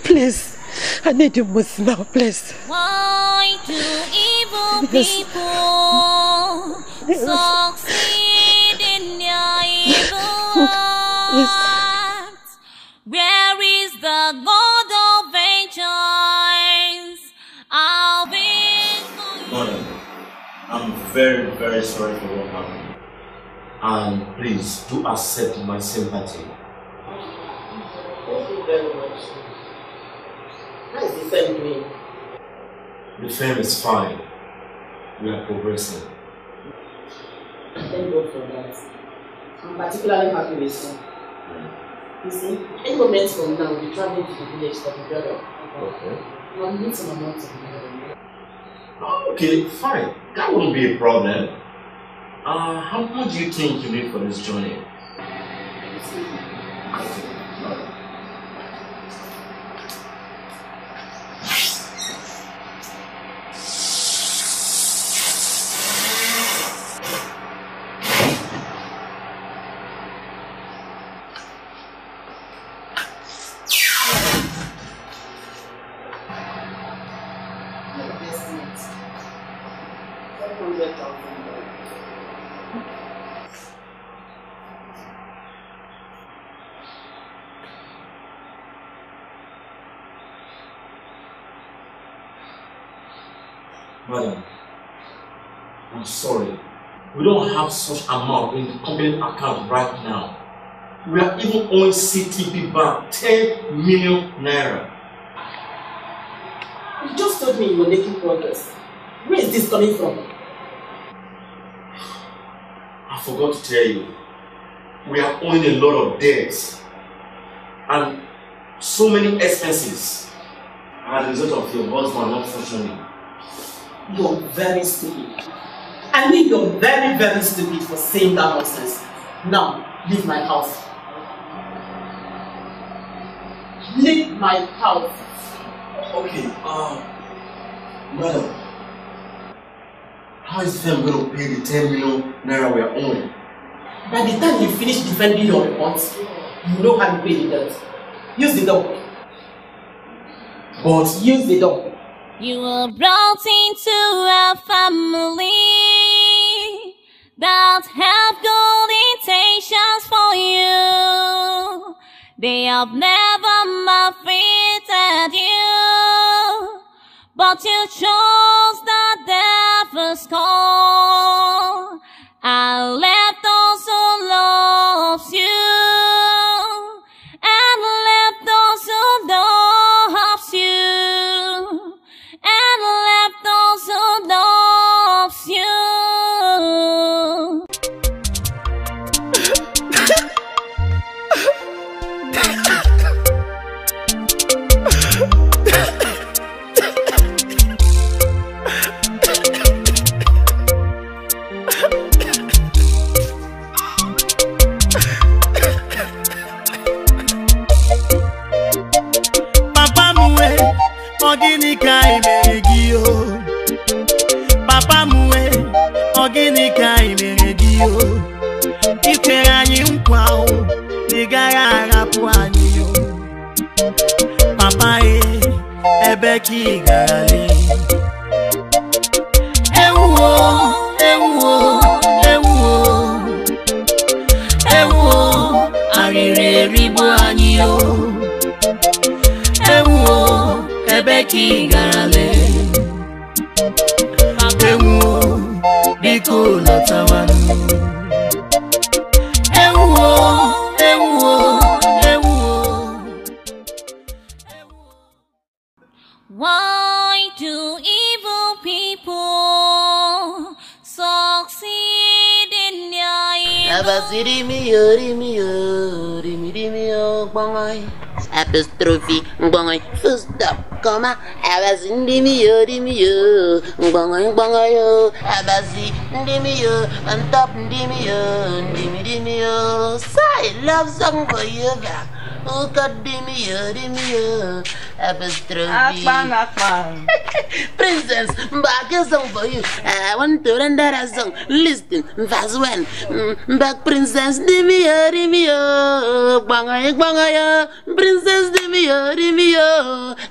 Please, I need you most now, please. Why do evil yes. people succeed in their evil yes. Where is the God of vengeance? I'll be... I'm very, very sorry for what happened. And please do accept my sympathy Thank you very much. How is the firm doing? The firm is fine. We are progressing. Thank God for that. I'm particularly happy with you. You see, any moment from now, we'll be traveling to the village for the brother. Okay. We'll meet my mom Okay, fine. That wouldn't be a problem. Uh, how much do you think you need for this journey? We don't have such amount in the company account right now. We are even owing CTP Bank 10 million naira. You just told me you were making progress. Where is this coming from? I forgot to tell you. We are owing a lot of debts and so many expenses as a result of your husband not functioning. You're very stupid. I mean, you're very, very stupid for saying that nonsense. Now, leave my house. Leave my house. Okay, um, madam, how is Sam going to pay the 10 million naira we are owing? By the time you finish defending your reports, you know how to pay the debt. Use the dog. But use the dog. You were brought into our family that have good intentions for you. They have never maltreated you, but you chose the devil's call. I dimio, and top, dimio, dimio, dimio. Say love song for you, that Oh, God, dimio, dimio apostrophe. Akpan, Akpan. Princess, back a song for you. I want to render a song. Listen, that's when. Mm, back Princess Dimio, Dimio. Bangay, bangay, Princess Dimio, Dimio.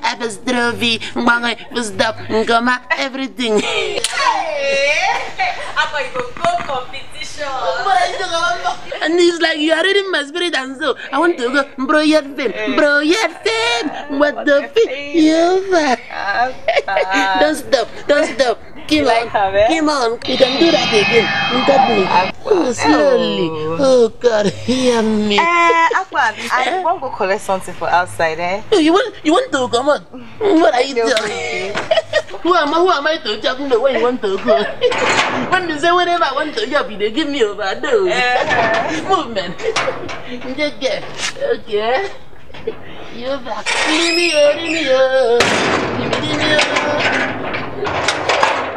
Apostrophe, bangay, stop, comma, everything. Hey, I'm going go compete. And he's like, you are reading my spirit and so I want to go, bro, your fame, bro, your fame. What the fuck? You Don't stop, don't stop. Kim on, dạ, Kim on, you can do that again. Daddy, oh, slowly. Oh God, hear me. eh Akbar, I want to collect something for outside, eh? Ừ, you want, you want to come on? What are you doing? who am I? Who am I to jump in the way you want to go? when you say whatever I want to jump, they give me overdose. Uh-huh. Movement. Okay, okay. You're back. Leave me, leave me, leave me, leave me.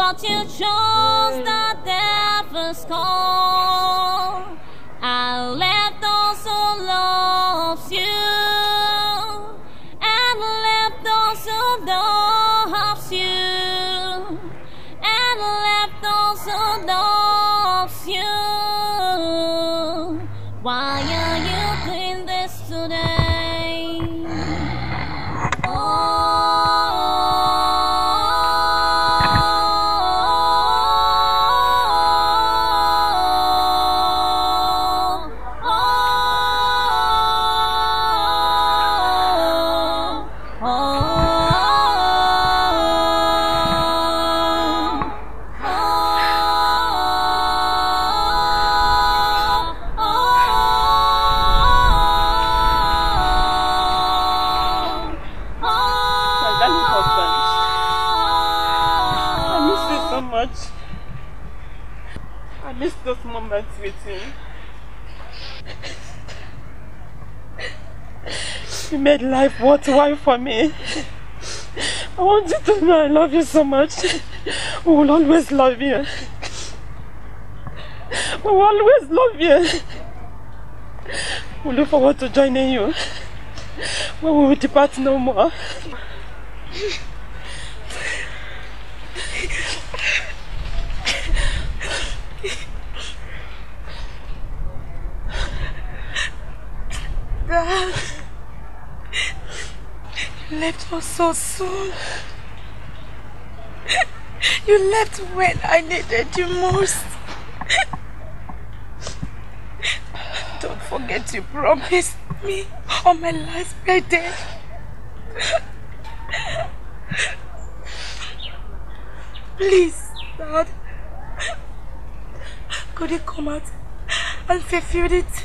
But you chose the devil's call. made life worthwhile for me. I want you to know I love you so much. We will always love you. We will always love you. We look forward to joining you when we will depart no more. so soon. You left when I needed you most. Don't forget you promised me on my last birthday. Please, Dad. Could you come out and fulfill it?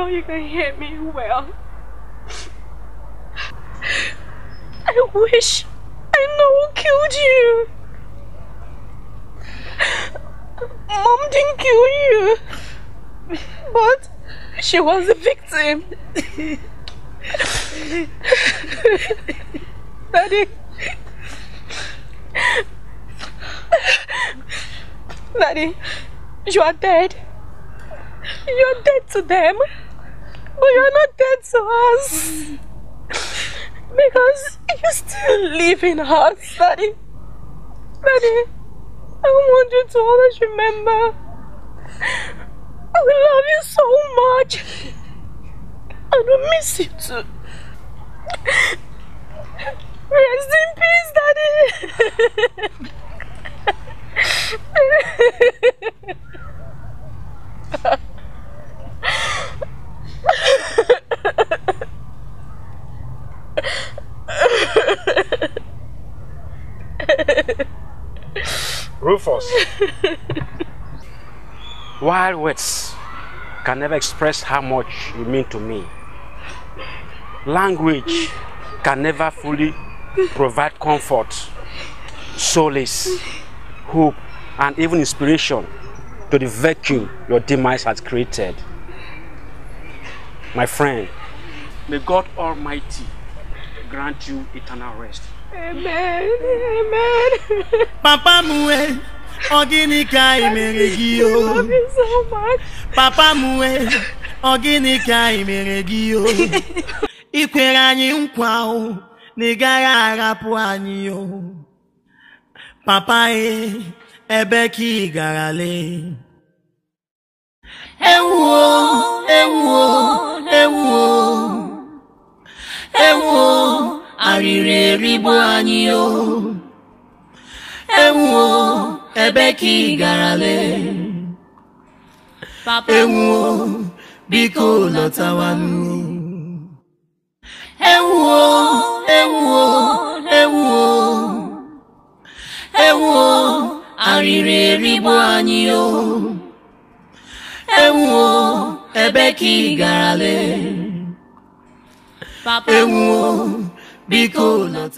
know you're gonna hit me well. I wish I know who killed you. Mom didn't kill you, but she was a victim. Daddy. Daddy, you are dead. You're dead to them because you still live in her study. Daddy, I want you to always remember I love you so much. I will miss you too. Rest in peace, Daddy. Rufus. Wild words can never express how much you mean to me. Language can never fully provide comfort, solace, hope, and even inspiration to the vacuum your demise has created. My friend, may God Almighty grant you eternal rest Amen. Amen. Papa Mue, ogini kai meregi o. I love you so much. Papa Mue, ogini kai meregi o. Ikwere anyị nkwa o, na ị arapụ anyị o. Papa e, ebe ka ị gara lee. Ewuo, ewuo, ewuo, ewuo arịrị erigbu anyị o enwuo ebe ka ị gara lee enwuo biko lọtawanụ enwuo enwuo enwuo enwuo arịrị erigbu anyị o enwuo ebe ka ị gara lee enwuo biko na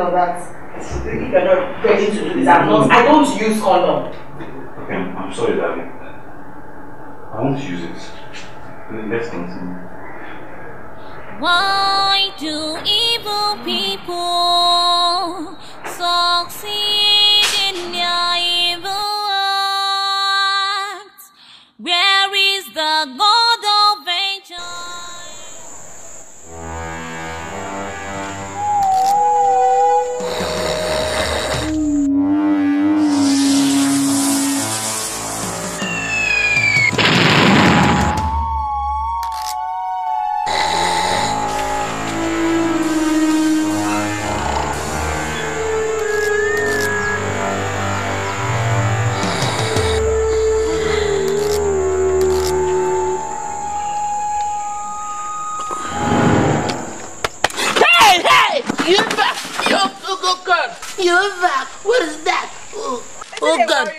on that. you're not ready to do this, I'm not. I don't use condom. Okay, I'm sorry, darling. I won't use it. Let's continue. Why do evil people succeed in their evil acts? Where is the goal? You're back. What is that? Oh, oh God.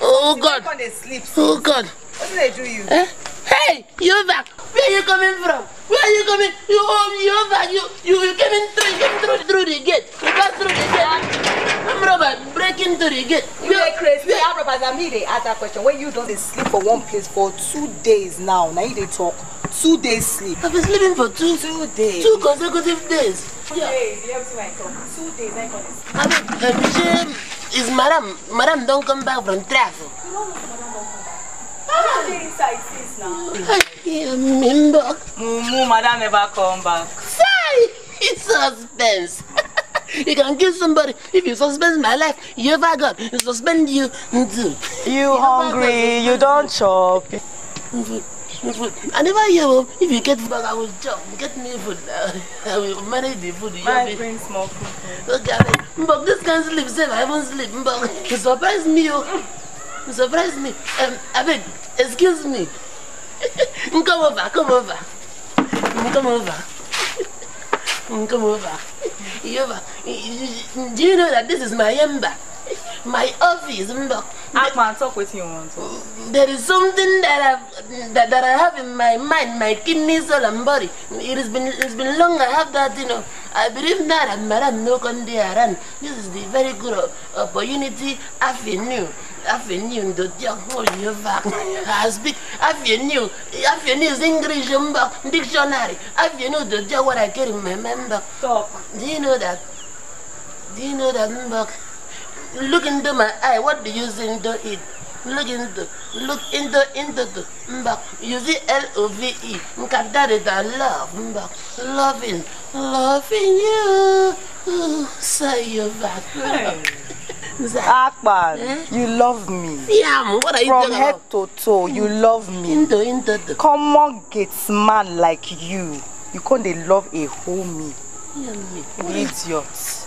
oh God. sleep. Oh God. What did they do you? Eh? Hey, you're back. Where are you coming from? Where are you coming? You all oh, you over you you you came in through came through through the gate. You passed through the gate. I'm Robert, breaking through the gate. You are crazy. Yeah. I'm ah, Robert, I'm here to ask that question. When you don't sleep for one place for two days now, now you they talk. Two days sleep. I've been sleeping for two two days. Two consecutive days. Two yeah. days, you have to wake up. Two days, I call it. I mean, uh, is madam. Madam don't come back from travel. You don't know madam don't come back. Ah. I'm inside this now. I remember. Mumu, madam never come back. Say, it's suspense. you can kill somebody if you suspend my life. You ever got you suspend you. You, you hungry? You don't chop. I never hear of, if you get back, I will jump. Get me food. I will manage the food. You My bring small food. Okay, but this can't sleep. Save, I haven't sleep. But you surprised me. Oh. You me. Um, I beg, excuse me. come over, come over come over. come over. Eva, do you know that this is my ember? my office. Look, I can talk with you on There is something that I've that, that I have in my mind, my kidney, soul, and body. It has been it's been long. I have that, you know. I believe that I'm Madam No Aran. This is the very good opportunity avenue. Avenue the I speak avenue. Avenue is English dictionary. Avenue the what I get in my mind. Stop. Do you know that? Do you know that? Look into my eye. What do you see into it? Look into, look into, into the mbak. You see L-O-V-E. Mkadarita, love, mbak. Loving, loving you. say your back. Hey. Akbar, eh? you love me. Yeah, what are you From head to toe, you love me. Into, into the. Come on, gates man like you. You can't love a homie. Yeah, me. Idiot.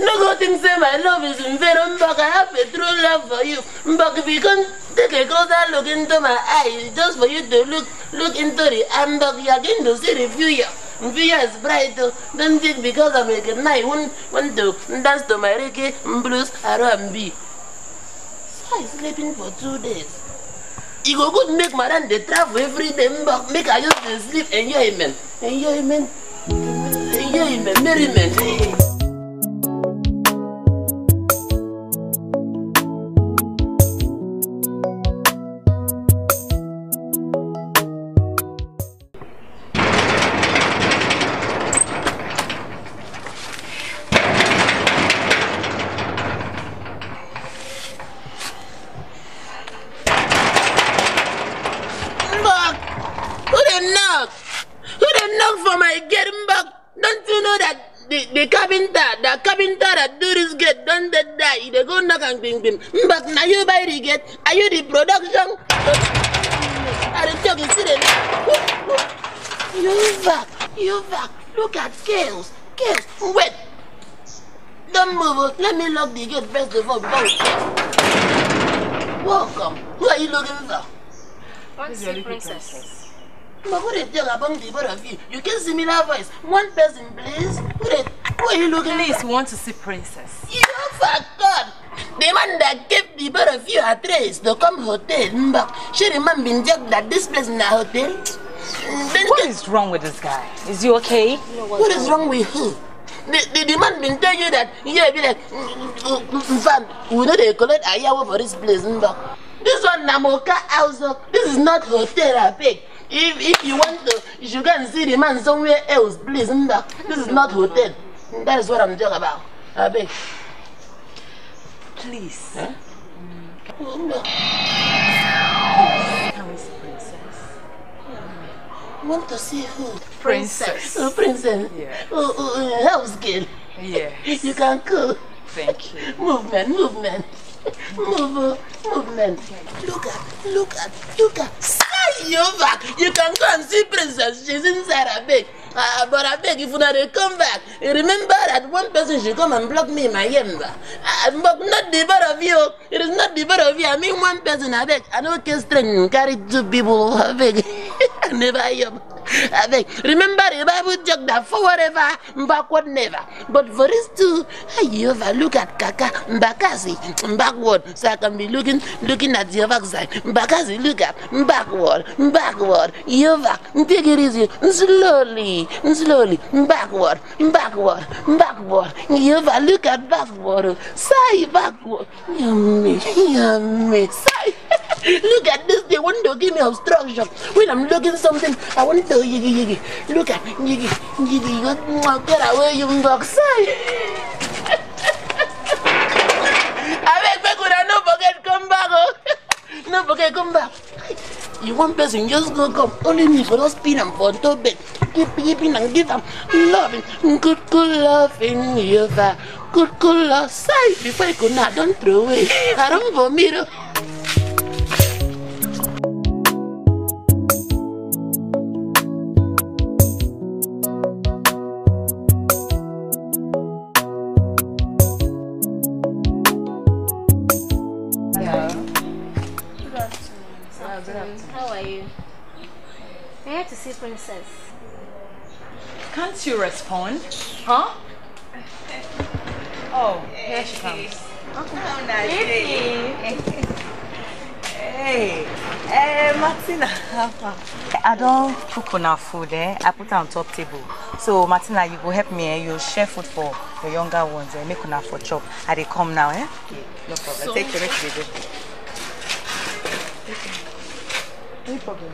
No go think say my love is in vain. Mbaka, I have a true love for you. Mbaka, if you can take a closer look into my eyes, just for you to look look into the handbag, you're going to see the future. Future is bright. Don't think because I'm a good night, won't want to dance to my reggae, blues, R&B. So I am sleeping for two days. e go good make my madam dey travel every day but make i just dey sleep enjoyment enjoyment enjoyment merriment. You can among the both of you? voice. One person, please. Who, the, who are you looking please, at? Please, want to see princess. You for God. The man that gave the both of you address to come hotel. she remember Jack that this place in a hotel. what is wrong with this guy? Is he okay? what is wrong with him? The, the, the man been tell you that you yeah, be like, fam, we know they collect ayawa for this place, Mbak. This one Namoka also. Oh, this is not hotel, I beg. If if you want to, you should go and see the man somewhere else, please. This is not hotel. That is what I'm talking about. I beg. Please. Huh? How mm. is princess? You want to see who? Princess. Oh, princess. Yeah. Oh, oh, oh house girl. Yeah. You can cook. Thank you. Movement, movement. Move, movement. Oh, look at, look at, look at you back. You can go and see Princess. She's inside a bag. Uh, ah, but I beg if you not come back, remember that one person should come and block me in my yamba. Uh, ah, ah, but not the both of you. It is not the both of you. I mean one person, I beg. I know can strength carry two people, I beg. Never yamba. Remember, the Bible joke that forever, backward never. But for us too, ever look at Kaka, Mbakazi, backward. So I can be looking looking at Jehovah's side. Mbakazi, look at backward, backward. Jehovah, take it easy, slowly, slowly, backward, backward, backward. Jehovah, look at backward. Sigh, backward. Yummy, yummy, sigh. look at this, they want to give me obstruction. When I'm looking something, I want to Oh, Yiggy, Yiggy, look at Yiggy, Yiggy, you got more get away, you boxer. I beg, beg, when I no forget, come back, oh. No forget, come back. You want person just go come. Only me for those spin and for top bed. Keep keeping and give them loving. Good, good loving, you good, good love. Side before you could not, don't throw away. I don't for me, though. here to see Princess. Can't you respond? Huh? Oh, here she comes. Oh, nice hey. Hey, eh, hey, Martina, I don't cook on food, eh? I put it on top table. So, Martina, you go help me, eh? You share food for the younger ones, eh? Make enough for chop. I they come now, eh? Okay, no problem. So, Take the rest of no problem.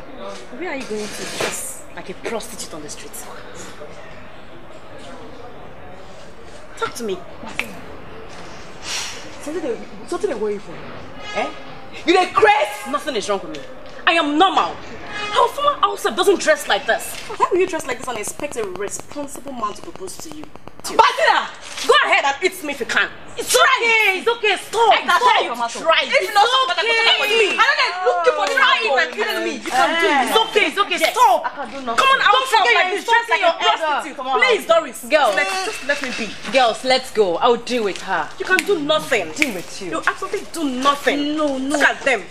Where are you going to dress like a prostitute on the street? Talk to me. Something, something they worry for. Eh? You dey crazy. Nothing is wrong with me. I am normal. How someone else doesn't dress like this? How will you dress like this and expect a responsible man to propose to you? Basina, go ahead and eat me if you can. It's try okay. it. It's okay. Stop. Exactly. Try it. Try it. it's okay. I don't know. Looking for trying, it and killing me. You can do it. It's okay. It's okay. Stop. I can do nothing. Come on. I don't forget like like a prostitute. Come on. Please, Doris. Girls, let, just let me be. Girls, let's go. I'll deal with her. You can do nothing. Deal with you. You absolutely do nothing. No, no. Look at them.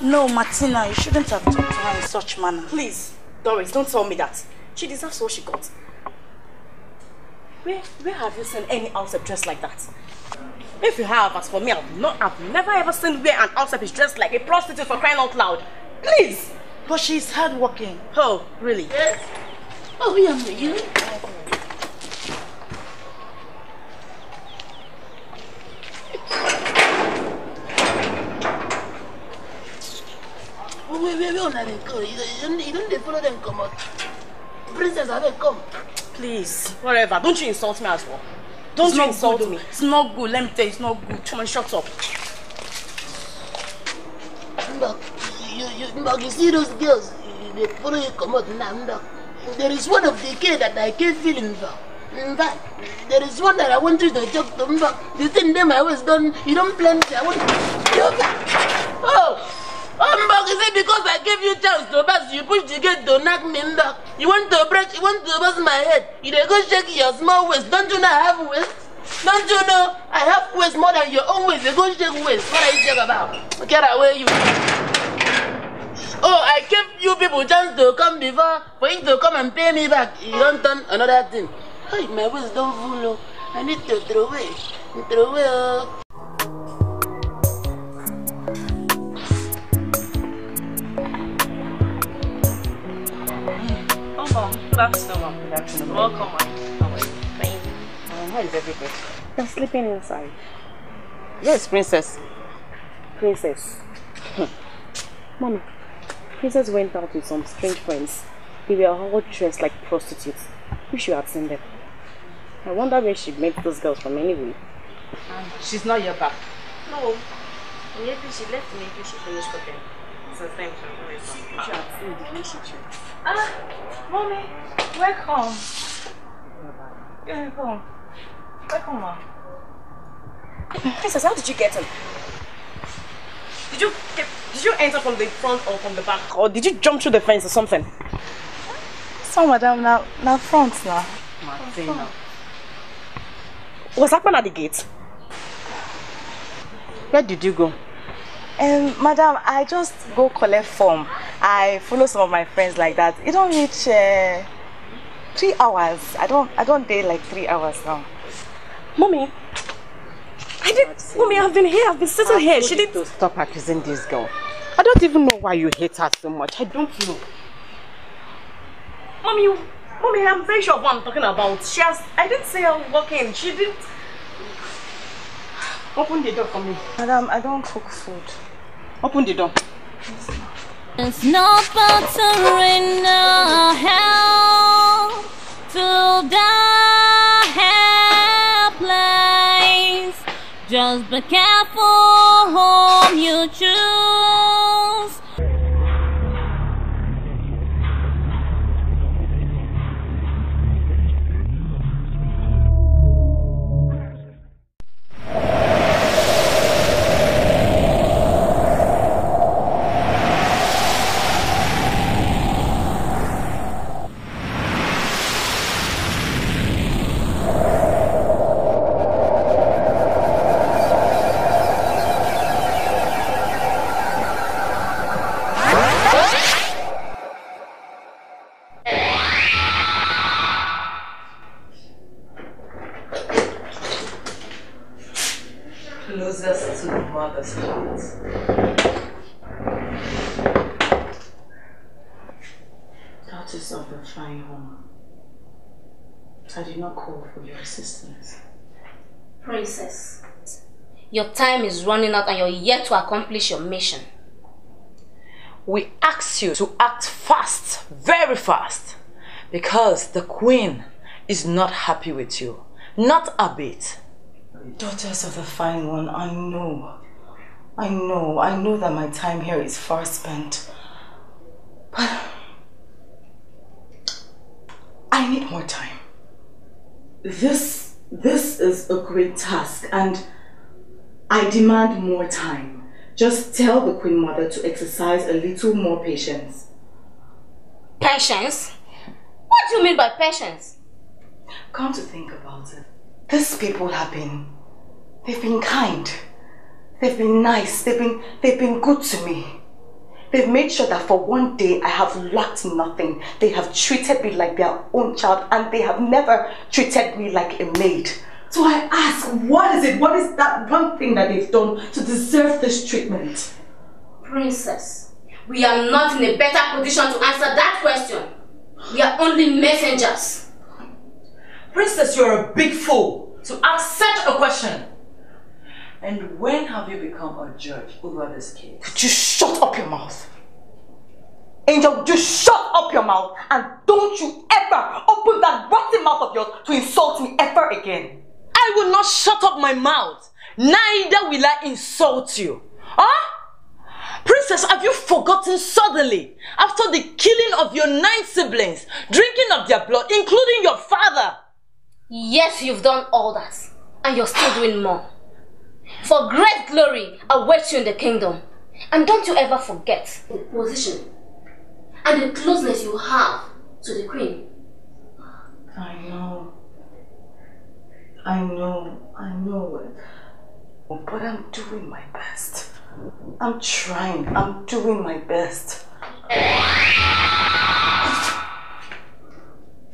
No, Martina, you shouldn't have talked to her in such manner. Please, Doris, don't tell me that. She deserves what she got. Where, where have you seen any outstep dressed like that? If you have, as for me, I've, not, I've never ever seen where an outstep is dressed like a prostitute for crying out loud. Please! But she's hardworking. Oh, really? Yes. Oh, yeah, you. Oh, wait, wait, wait, where una dey go? You don't, you don't dey follow them come out. Princess, I beg, come. Please, whatever. Don't you insult me as well. Don't it's you insult good. me. It's not good. Let me tell you, it's not good. Come on, shut up. Look, you, you, look, you see those girls? They follow you come out now, look. There is one of the kid that I can't feel in the in there is one that I want you to talk to me The thing them I was done, you don't plan to I want you Oh Humbug, you say because I gave you chance to pass, you push the gate to knock me knock. You want to break, you want to bust my head. You don't go shake your small waist. Don't you know I have waist? Don't you know I have waist more than your own waist? You go shake waist. What are you talking about? Get away, you. Oh, I gave you people chance to come before for you to come and pay me back. You don't turn another thing. Hey, my waist don't fool. Oh. I need to throw away. Throw away. Oh. back Welcome, How you? everybody? They're sleeping inside. Yes, princess. Princess. mommy, princess went out with some strange friends. They were all dressed like prostitutes. Wish you had seen them. I wonder where she met those girls from anyway. Um, she's not your back. No. Maybe she left me because she finished cooking. Sometimes I'm always back. She had seen the relationship. Ah, mommy, welcome. Welcome. Welcome, ma. Princess, how did you get him? Did you get, did you enter from the front or from the back, or did you jump through the fence or something? So, madam, now now front now. Martina. What's happening at the gate? Where did you go? um, madam i just go collect form i follow some of my friends like that don't reach uh, three hours i don't. i don't dey like three hours now. Mommy. i did Mommy, i've been here i've been sitting here she did. stop accusing this girl i don't even know why you hate her so much i don't know. Mommy. Mommy, i'm very sure of what i'm talking about she has i didn't say I'm working. she didn't. open the door for me. madam i don't cook food. Open the door. There's no butter in the hell to the helpless. Just be careful whom you choose. Your time is running out and you're yet to accomplish your mission. We ask you to act fast, very fast, because the queen is not happy with you. Not a bit. Daughters of the Fine One, I know. I know, I know that my time here is far spent. But I need more time. This this is a great task and I demand more time. Just tell the Queen Mother to exercise a little more patience. Patience? What do you mean by patience? Come to think about it. These people have been... They've been kind. They've been nice. They've been, they've been good to me. They've made sure that for one day I have lacked nothing. They have treated me like their own child and they have never treated me like a maid. So I ask, what is it? What is that one thing that they've done to deserve this treatment? Princess, we are not in a better position to answer that question. We are only messengers. Princess, you're a big fool to ask such a question. And when have you become a judge over this case? Could you shut up your mouth? Angel, just shut up your mouth and don't you ever open that rotten mouth of yours to insult me ever again. I will not shut up my mouth, neither will I insult you. Huh? Princess, have you forgotten suddenly, after the killing of your nine siblings, drinking of their blood, including your father? Yes, you've done all that, and you're still doing more. For great glory awaits you in the kingdom. And don't you ever forget the position and the closeness you have to the queen. I know. I know, I know it. But I'm doing my best. I'm trying, I'm doing my best.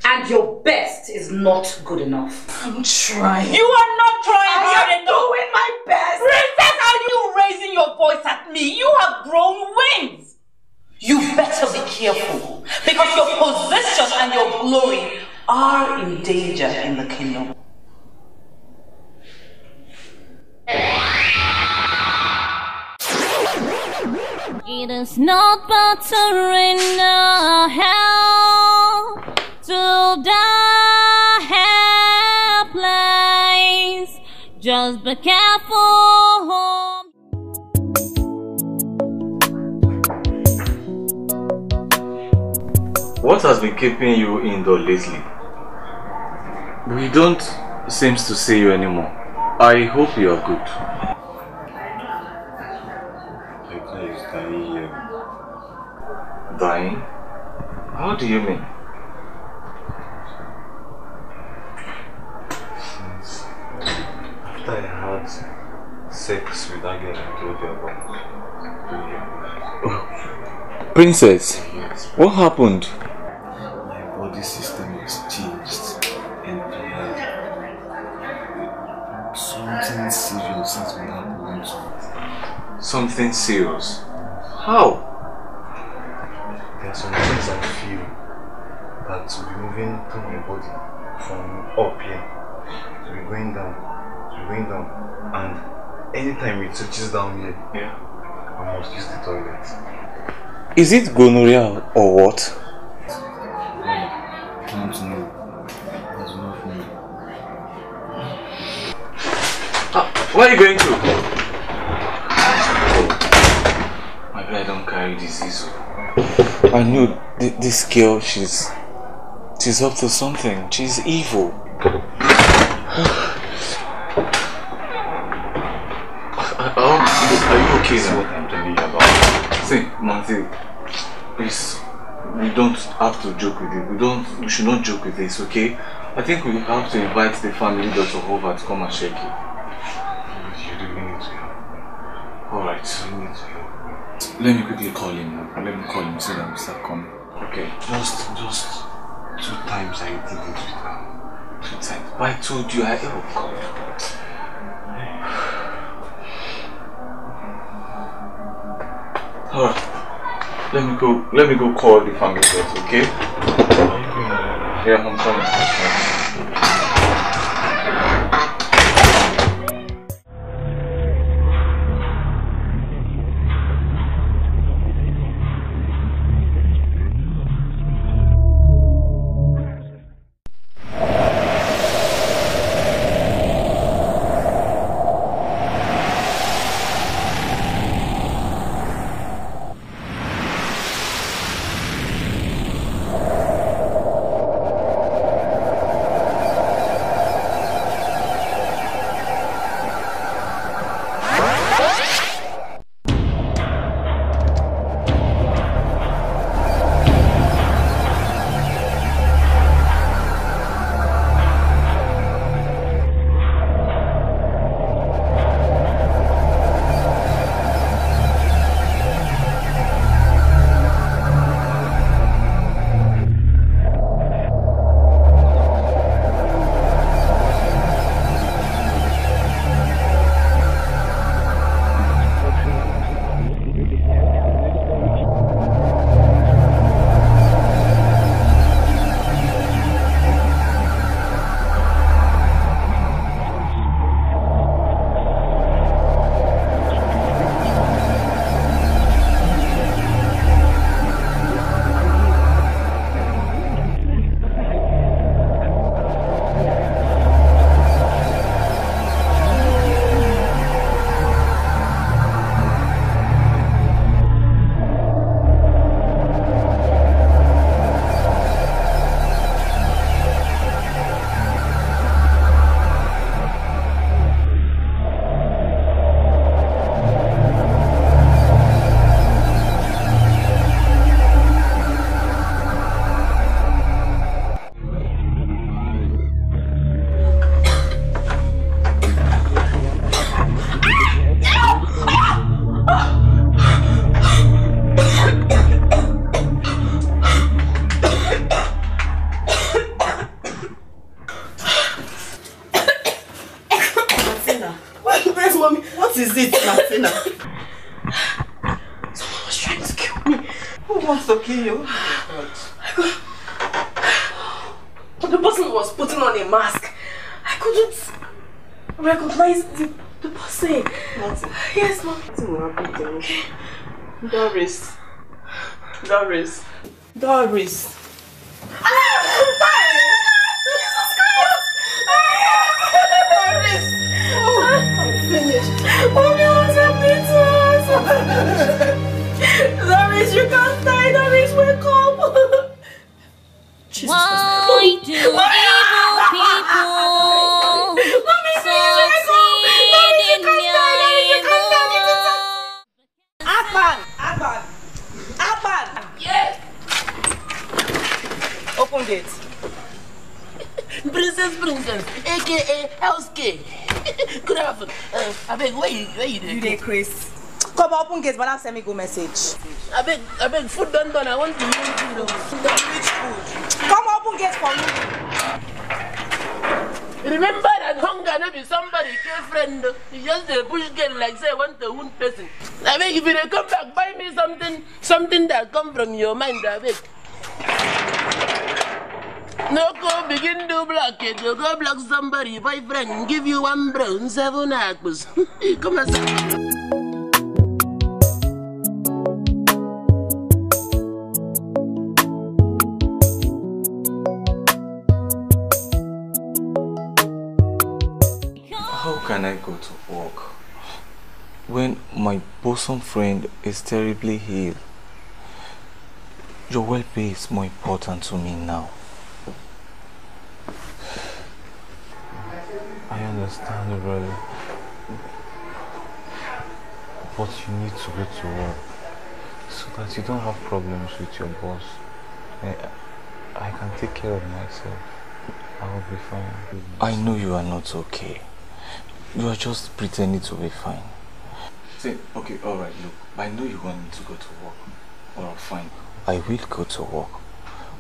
And your best is not good enough. I'm trying. You are not trying I hard am enough. doing my best. Princess, are you raising your voice at me? You have grown wings. You better be careful because your position and your glory are in danger in the kingdom. It is not better in hell to die helpless. Just be careful. What has been keeping you indoor lately? We don't seem to see you anymore. I hope you are good. Edna is dying Dying? How do you mean? Since after I had sex with that girl I told you about. Princess, yes, what happened? My body system. something serious has been happening. Something serious? How? There are some things I feel that be moving through my body from up here to be going down, to be going down, and anytime it touches down here, yeah. I must use the toilet. Is it gonorrhea or what? I knew th this girl, she's, she's up to something. She's evil. are you okay now? what I'm telling you about. See, Matthew, please, we don't have to joke with it. We don't, we should not joke with this, okay? I think we have to invite the family doctor over to come and shake it. Let me quickly call him. Let me call him so that Mr. Come. Okay. Just, just two times I did it with her. Two times. Why told you I ever oh, come? Alright. Let me go. Let me go call the family first. Okay? Yeah, I'm coming. Doris. Doris. Doris. Miss Princess, aka House King. Good afternoon. Uh, I beg, where you, where you there? You there, Chris? Come open gate, but I'll send me go message. I beg, I beg, food done done. I want to know food. Which food? Come open gate for me. Remember that hunger no be somebody girlfriend. You just a push girl like say want the wound person. I beg, if you come back, buy me something, something that come from your mind. I beg. No go begin to block it. You go block somebody, boyfriend, give you one brown, seven apples. Come on, can I go to work when my bosom friend is terribly ill? Your well-being is more important to me now. understand brother but you need to go to work so that you don't have problems with your boss I, I can take care of myself I will be fine I know you are not okay you are just pretending to be fine See, okay alright look I know you want me to go to work alright fine I will go to work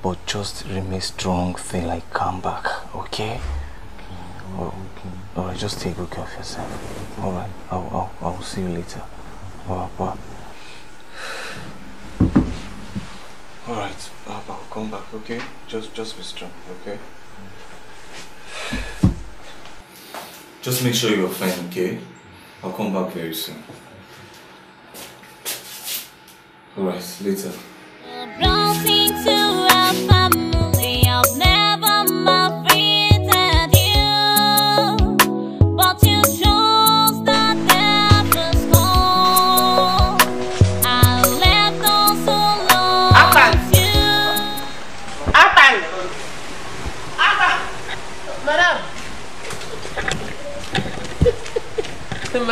but just remain strong till I come back okay Oh, okay. All oh, right, just take good care of yourself. All right, I'll, I'll, I'll see you later. All right, bye. All right, come back, okay? Just, just be strong, okay? Just make sure you're fine, okay? I'll come back very soon. All right, later.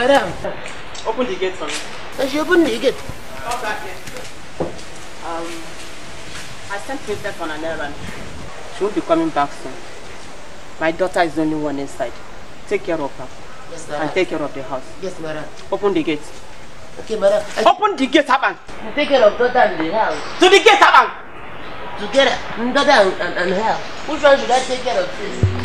Madam. Open the gate for me. Yes, you open the gate. Come back here. Um, I sent Princess on an errand. She will be coming back soon. My daughter is the only one inside. Take care of her. Yes, madam. And take care of the house. Yes, madam. Open the gate. Okay, madam. I... Open the gate, Haban. Take care of daughter and the house. To the gate, Haban. Together, daughter and, and, and her. Which one should I take care of first?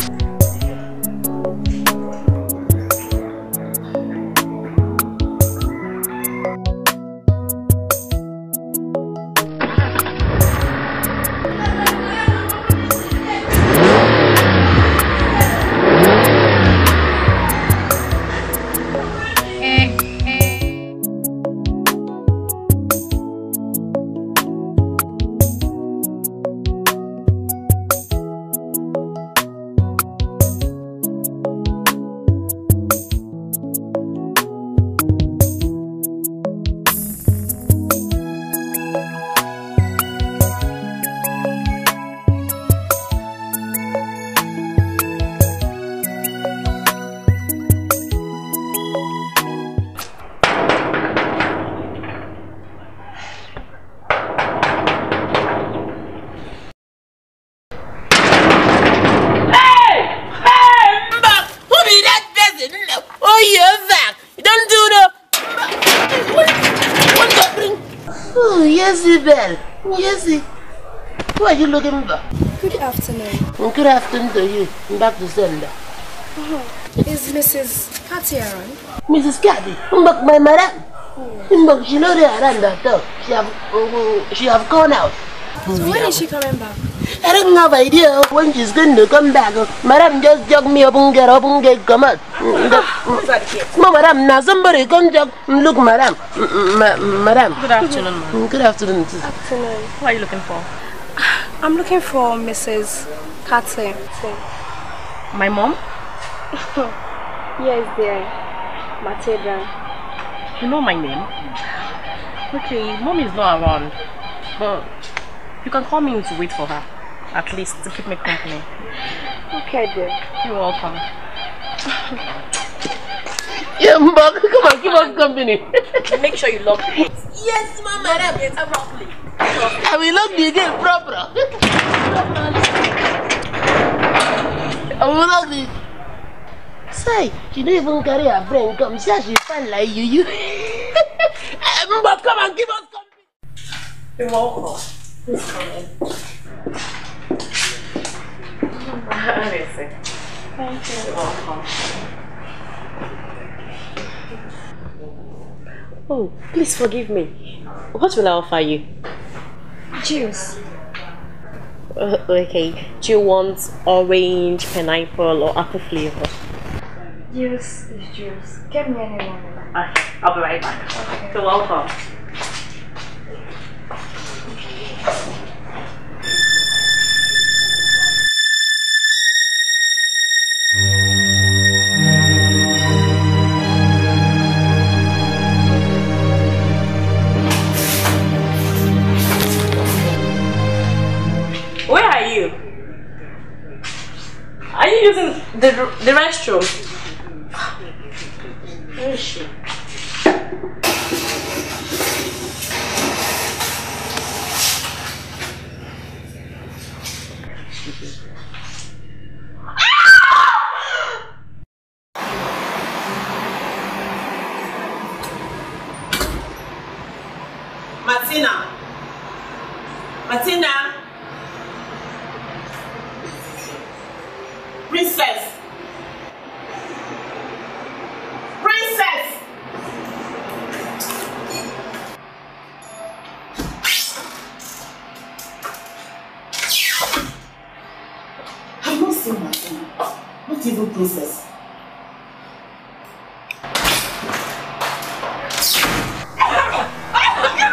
nothing to you in that December. Mm Is Mrs. Patty around? Mrs. Cathy, my madam. She But she not around at She have, uh, she have gone out. So when is she coming back? I don't have idea when she's going to come back. Madam just jog me up and get up and get come out. No, ah, madam, now somebody come jog. Look, madam. Ma madam. Good afternoon, madam. Good afternoon. Good afternoon. What are you looking for? I'm looking for Mrs say. My mom? yes, dear. Matilda. You know my name? Okay, mom is not around, but you can call me to wait for her, at least to keep me company. Okay, dear. You're welcome. yeah, mom, come on, give us company. Make sure you lock it. Yes, mama, madam, properly. I will lock the gate properly. Amına koyayım. Say, you know even carry a friend come. she's she fine like you. You. Eh, mm, come and give us company. You're welcome. come in. Thank you. welcome. Oh, please forgive me. What will I offer you? Juice. Uh, okay, do you want orange, pineapple, or apple flavor? Juice is juice. Give me any one. Okay, I'll be right back. Okay. So welcome. Are you using the, the restroom? Where is she? still nothing. Not even princess. Think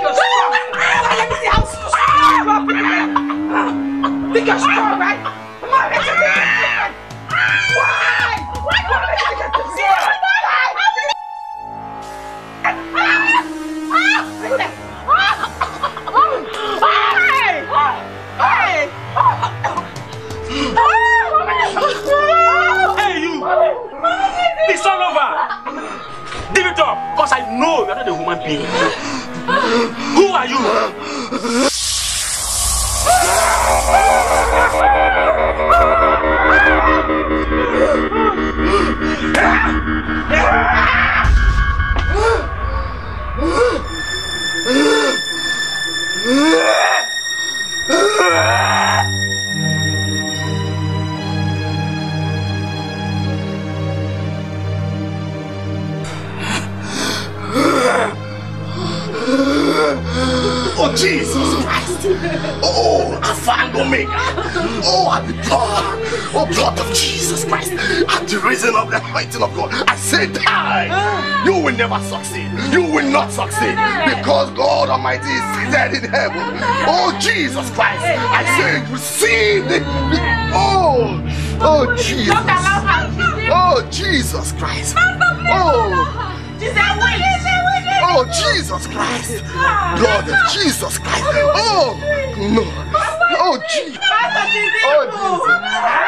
you're strong. Think you're strong. you're not a human being. Who are you? Ah! anointing of God. I say die. Ah. You will never succeed. You will not succeed because God Almighty is seated in heaven. Oh Jesus Christ. I say receive the, the oh oh Jesus. Oh Jesus Christ. Oh. Oh Jesus Christ! Ah. Lord of Jesus Christ! Oh no! Oh, oh Jesus! Oh Jesus!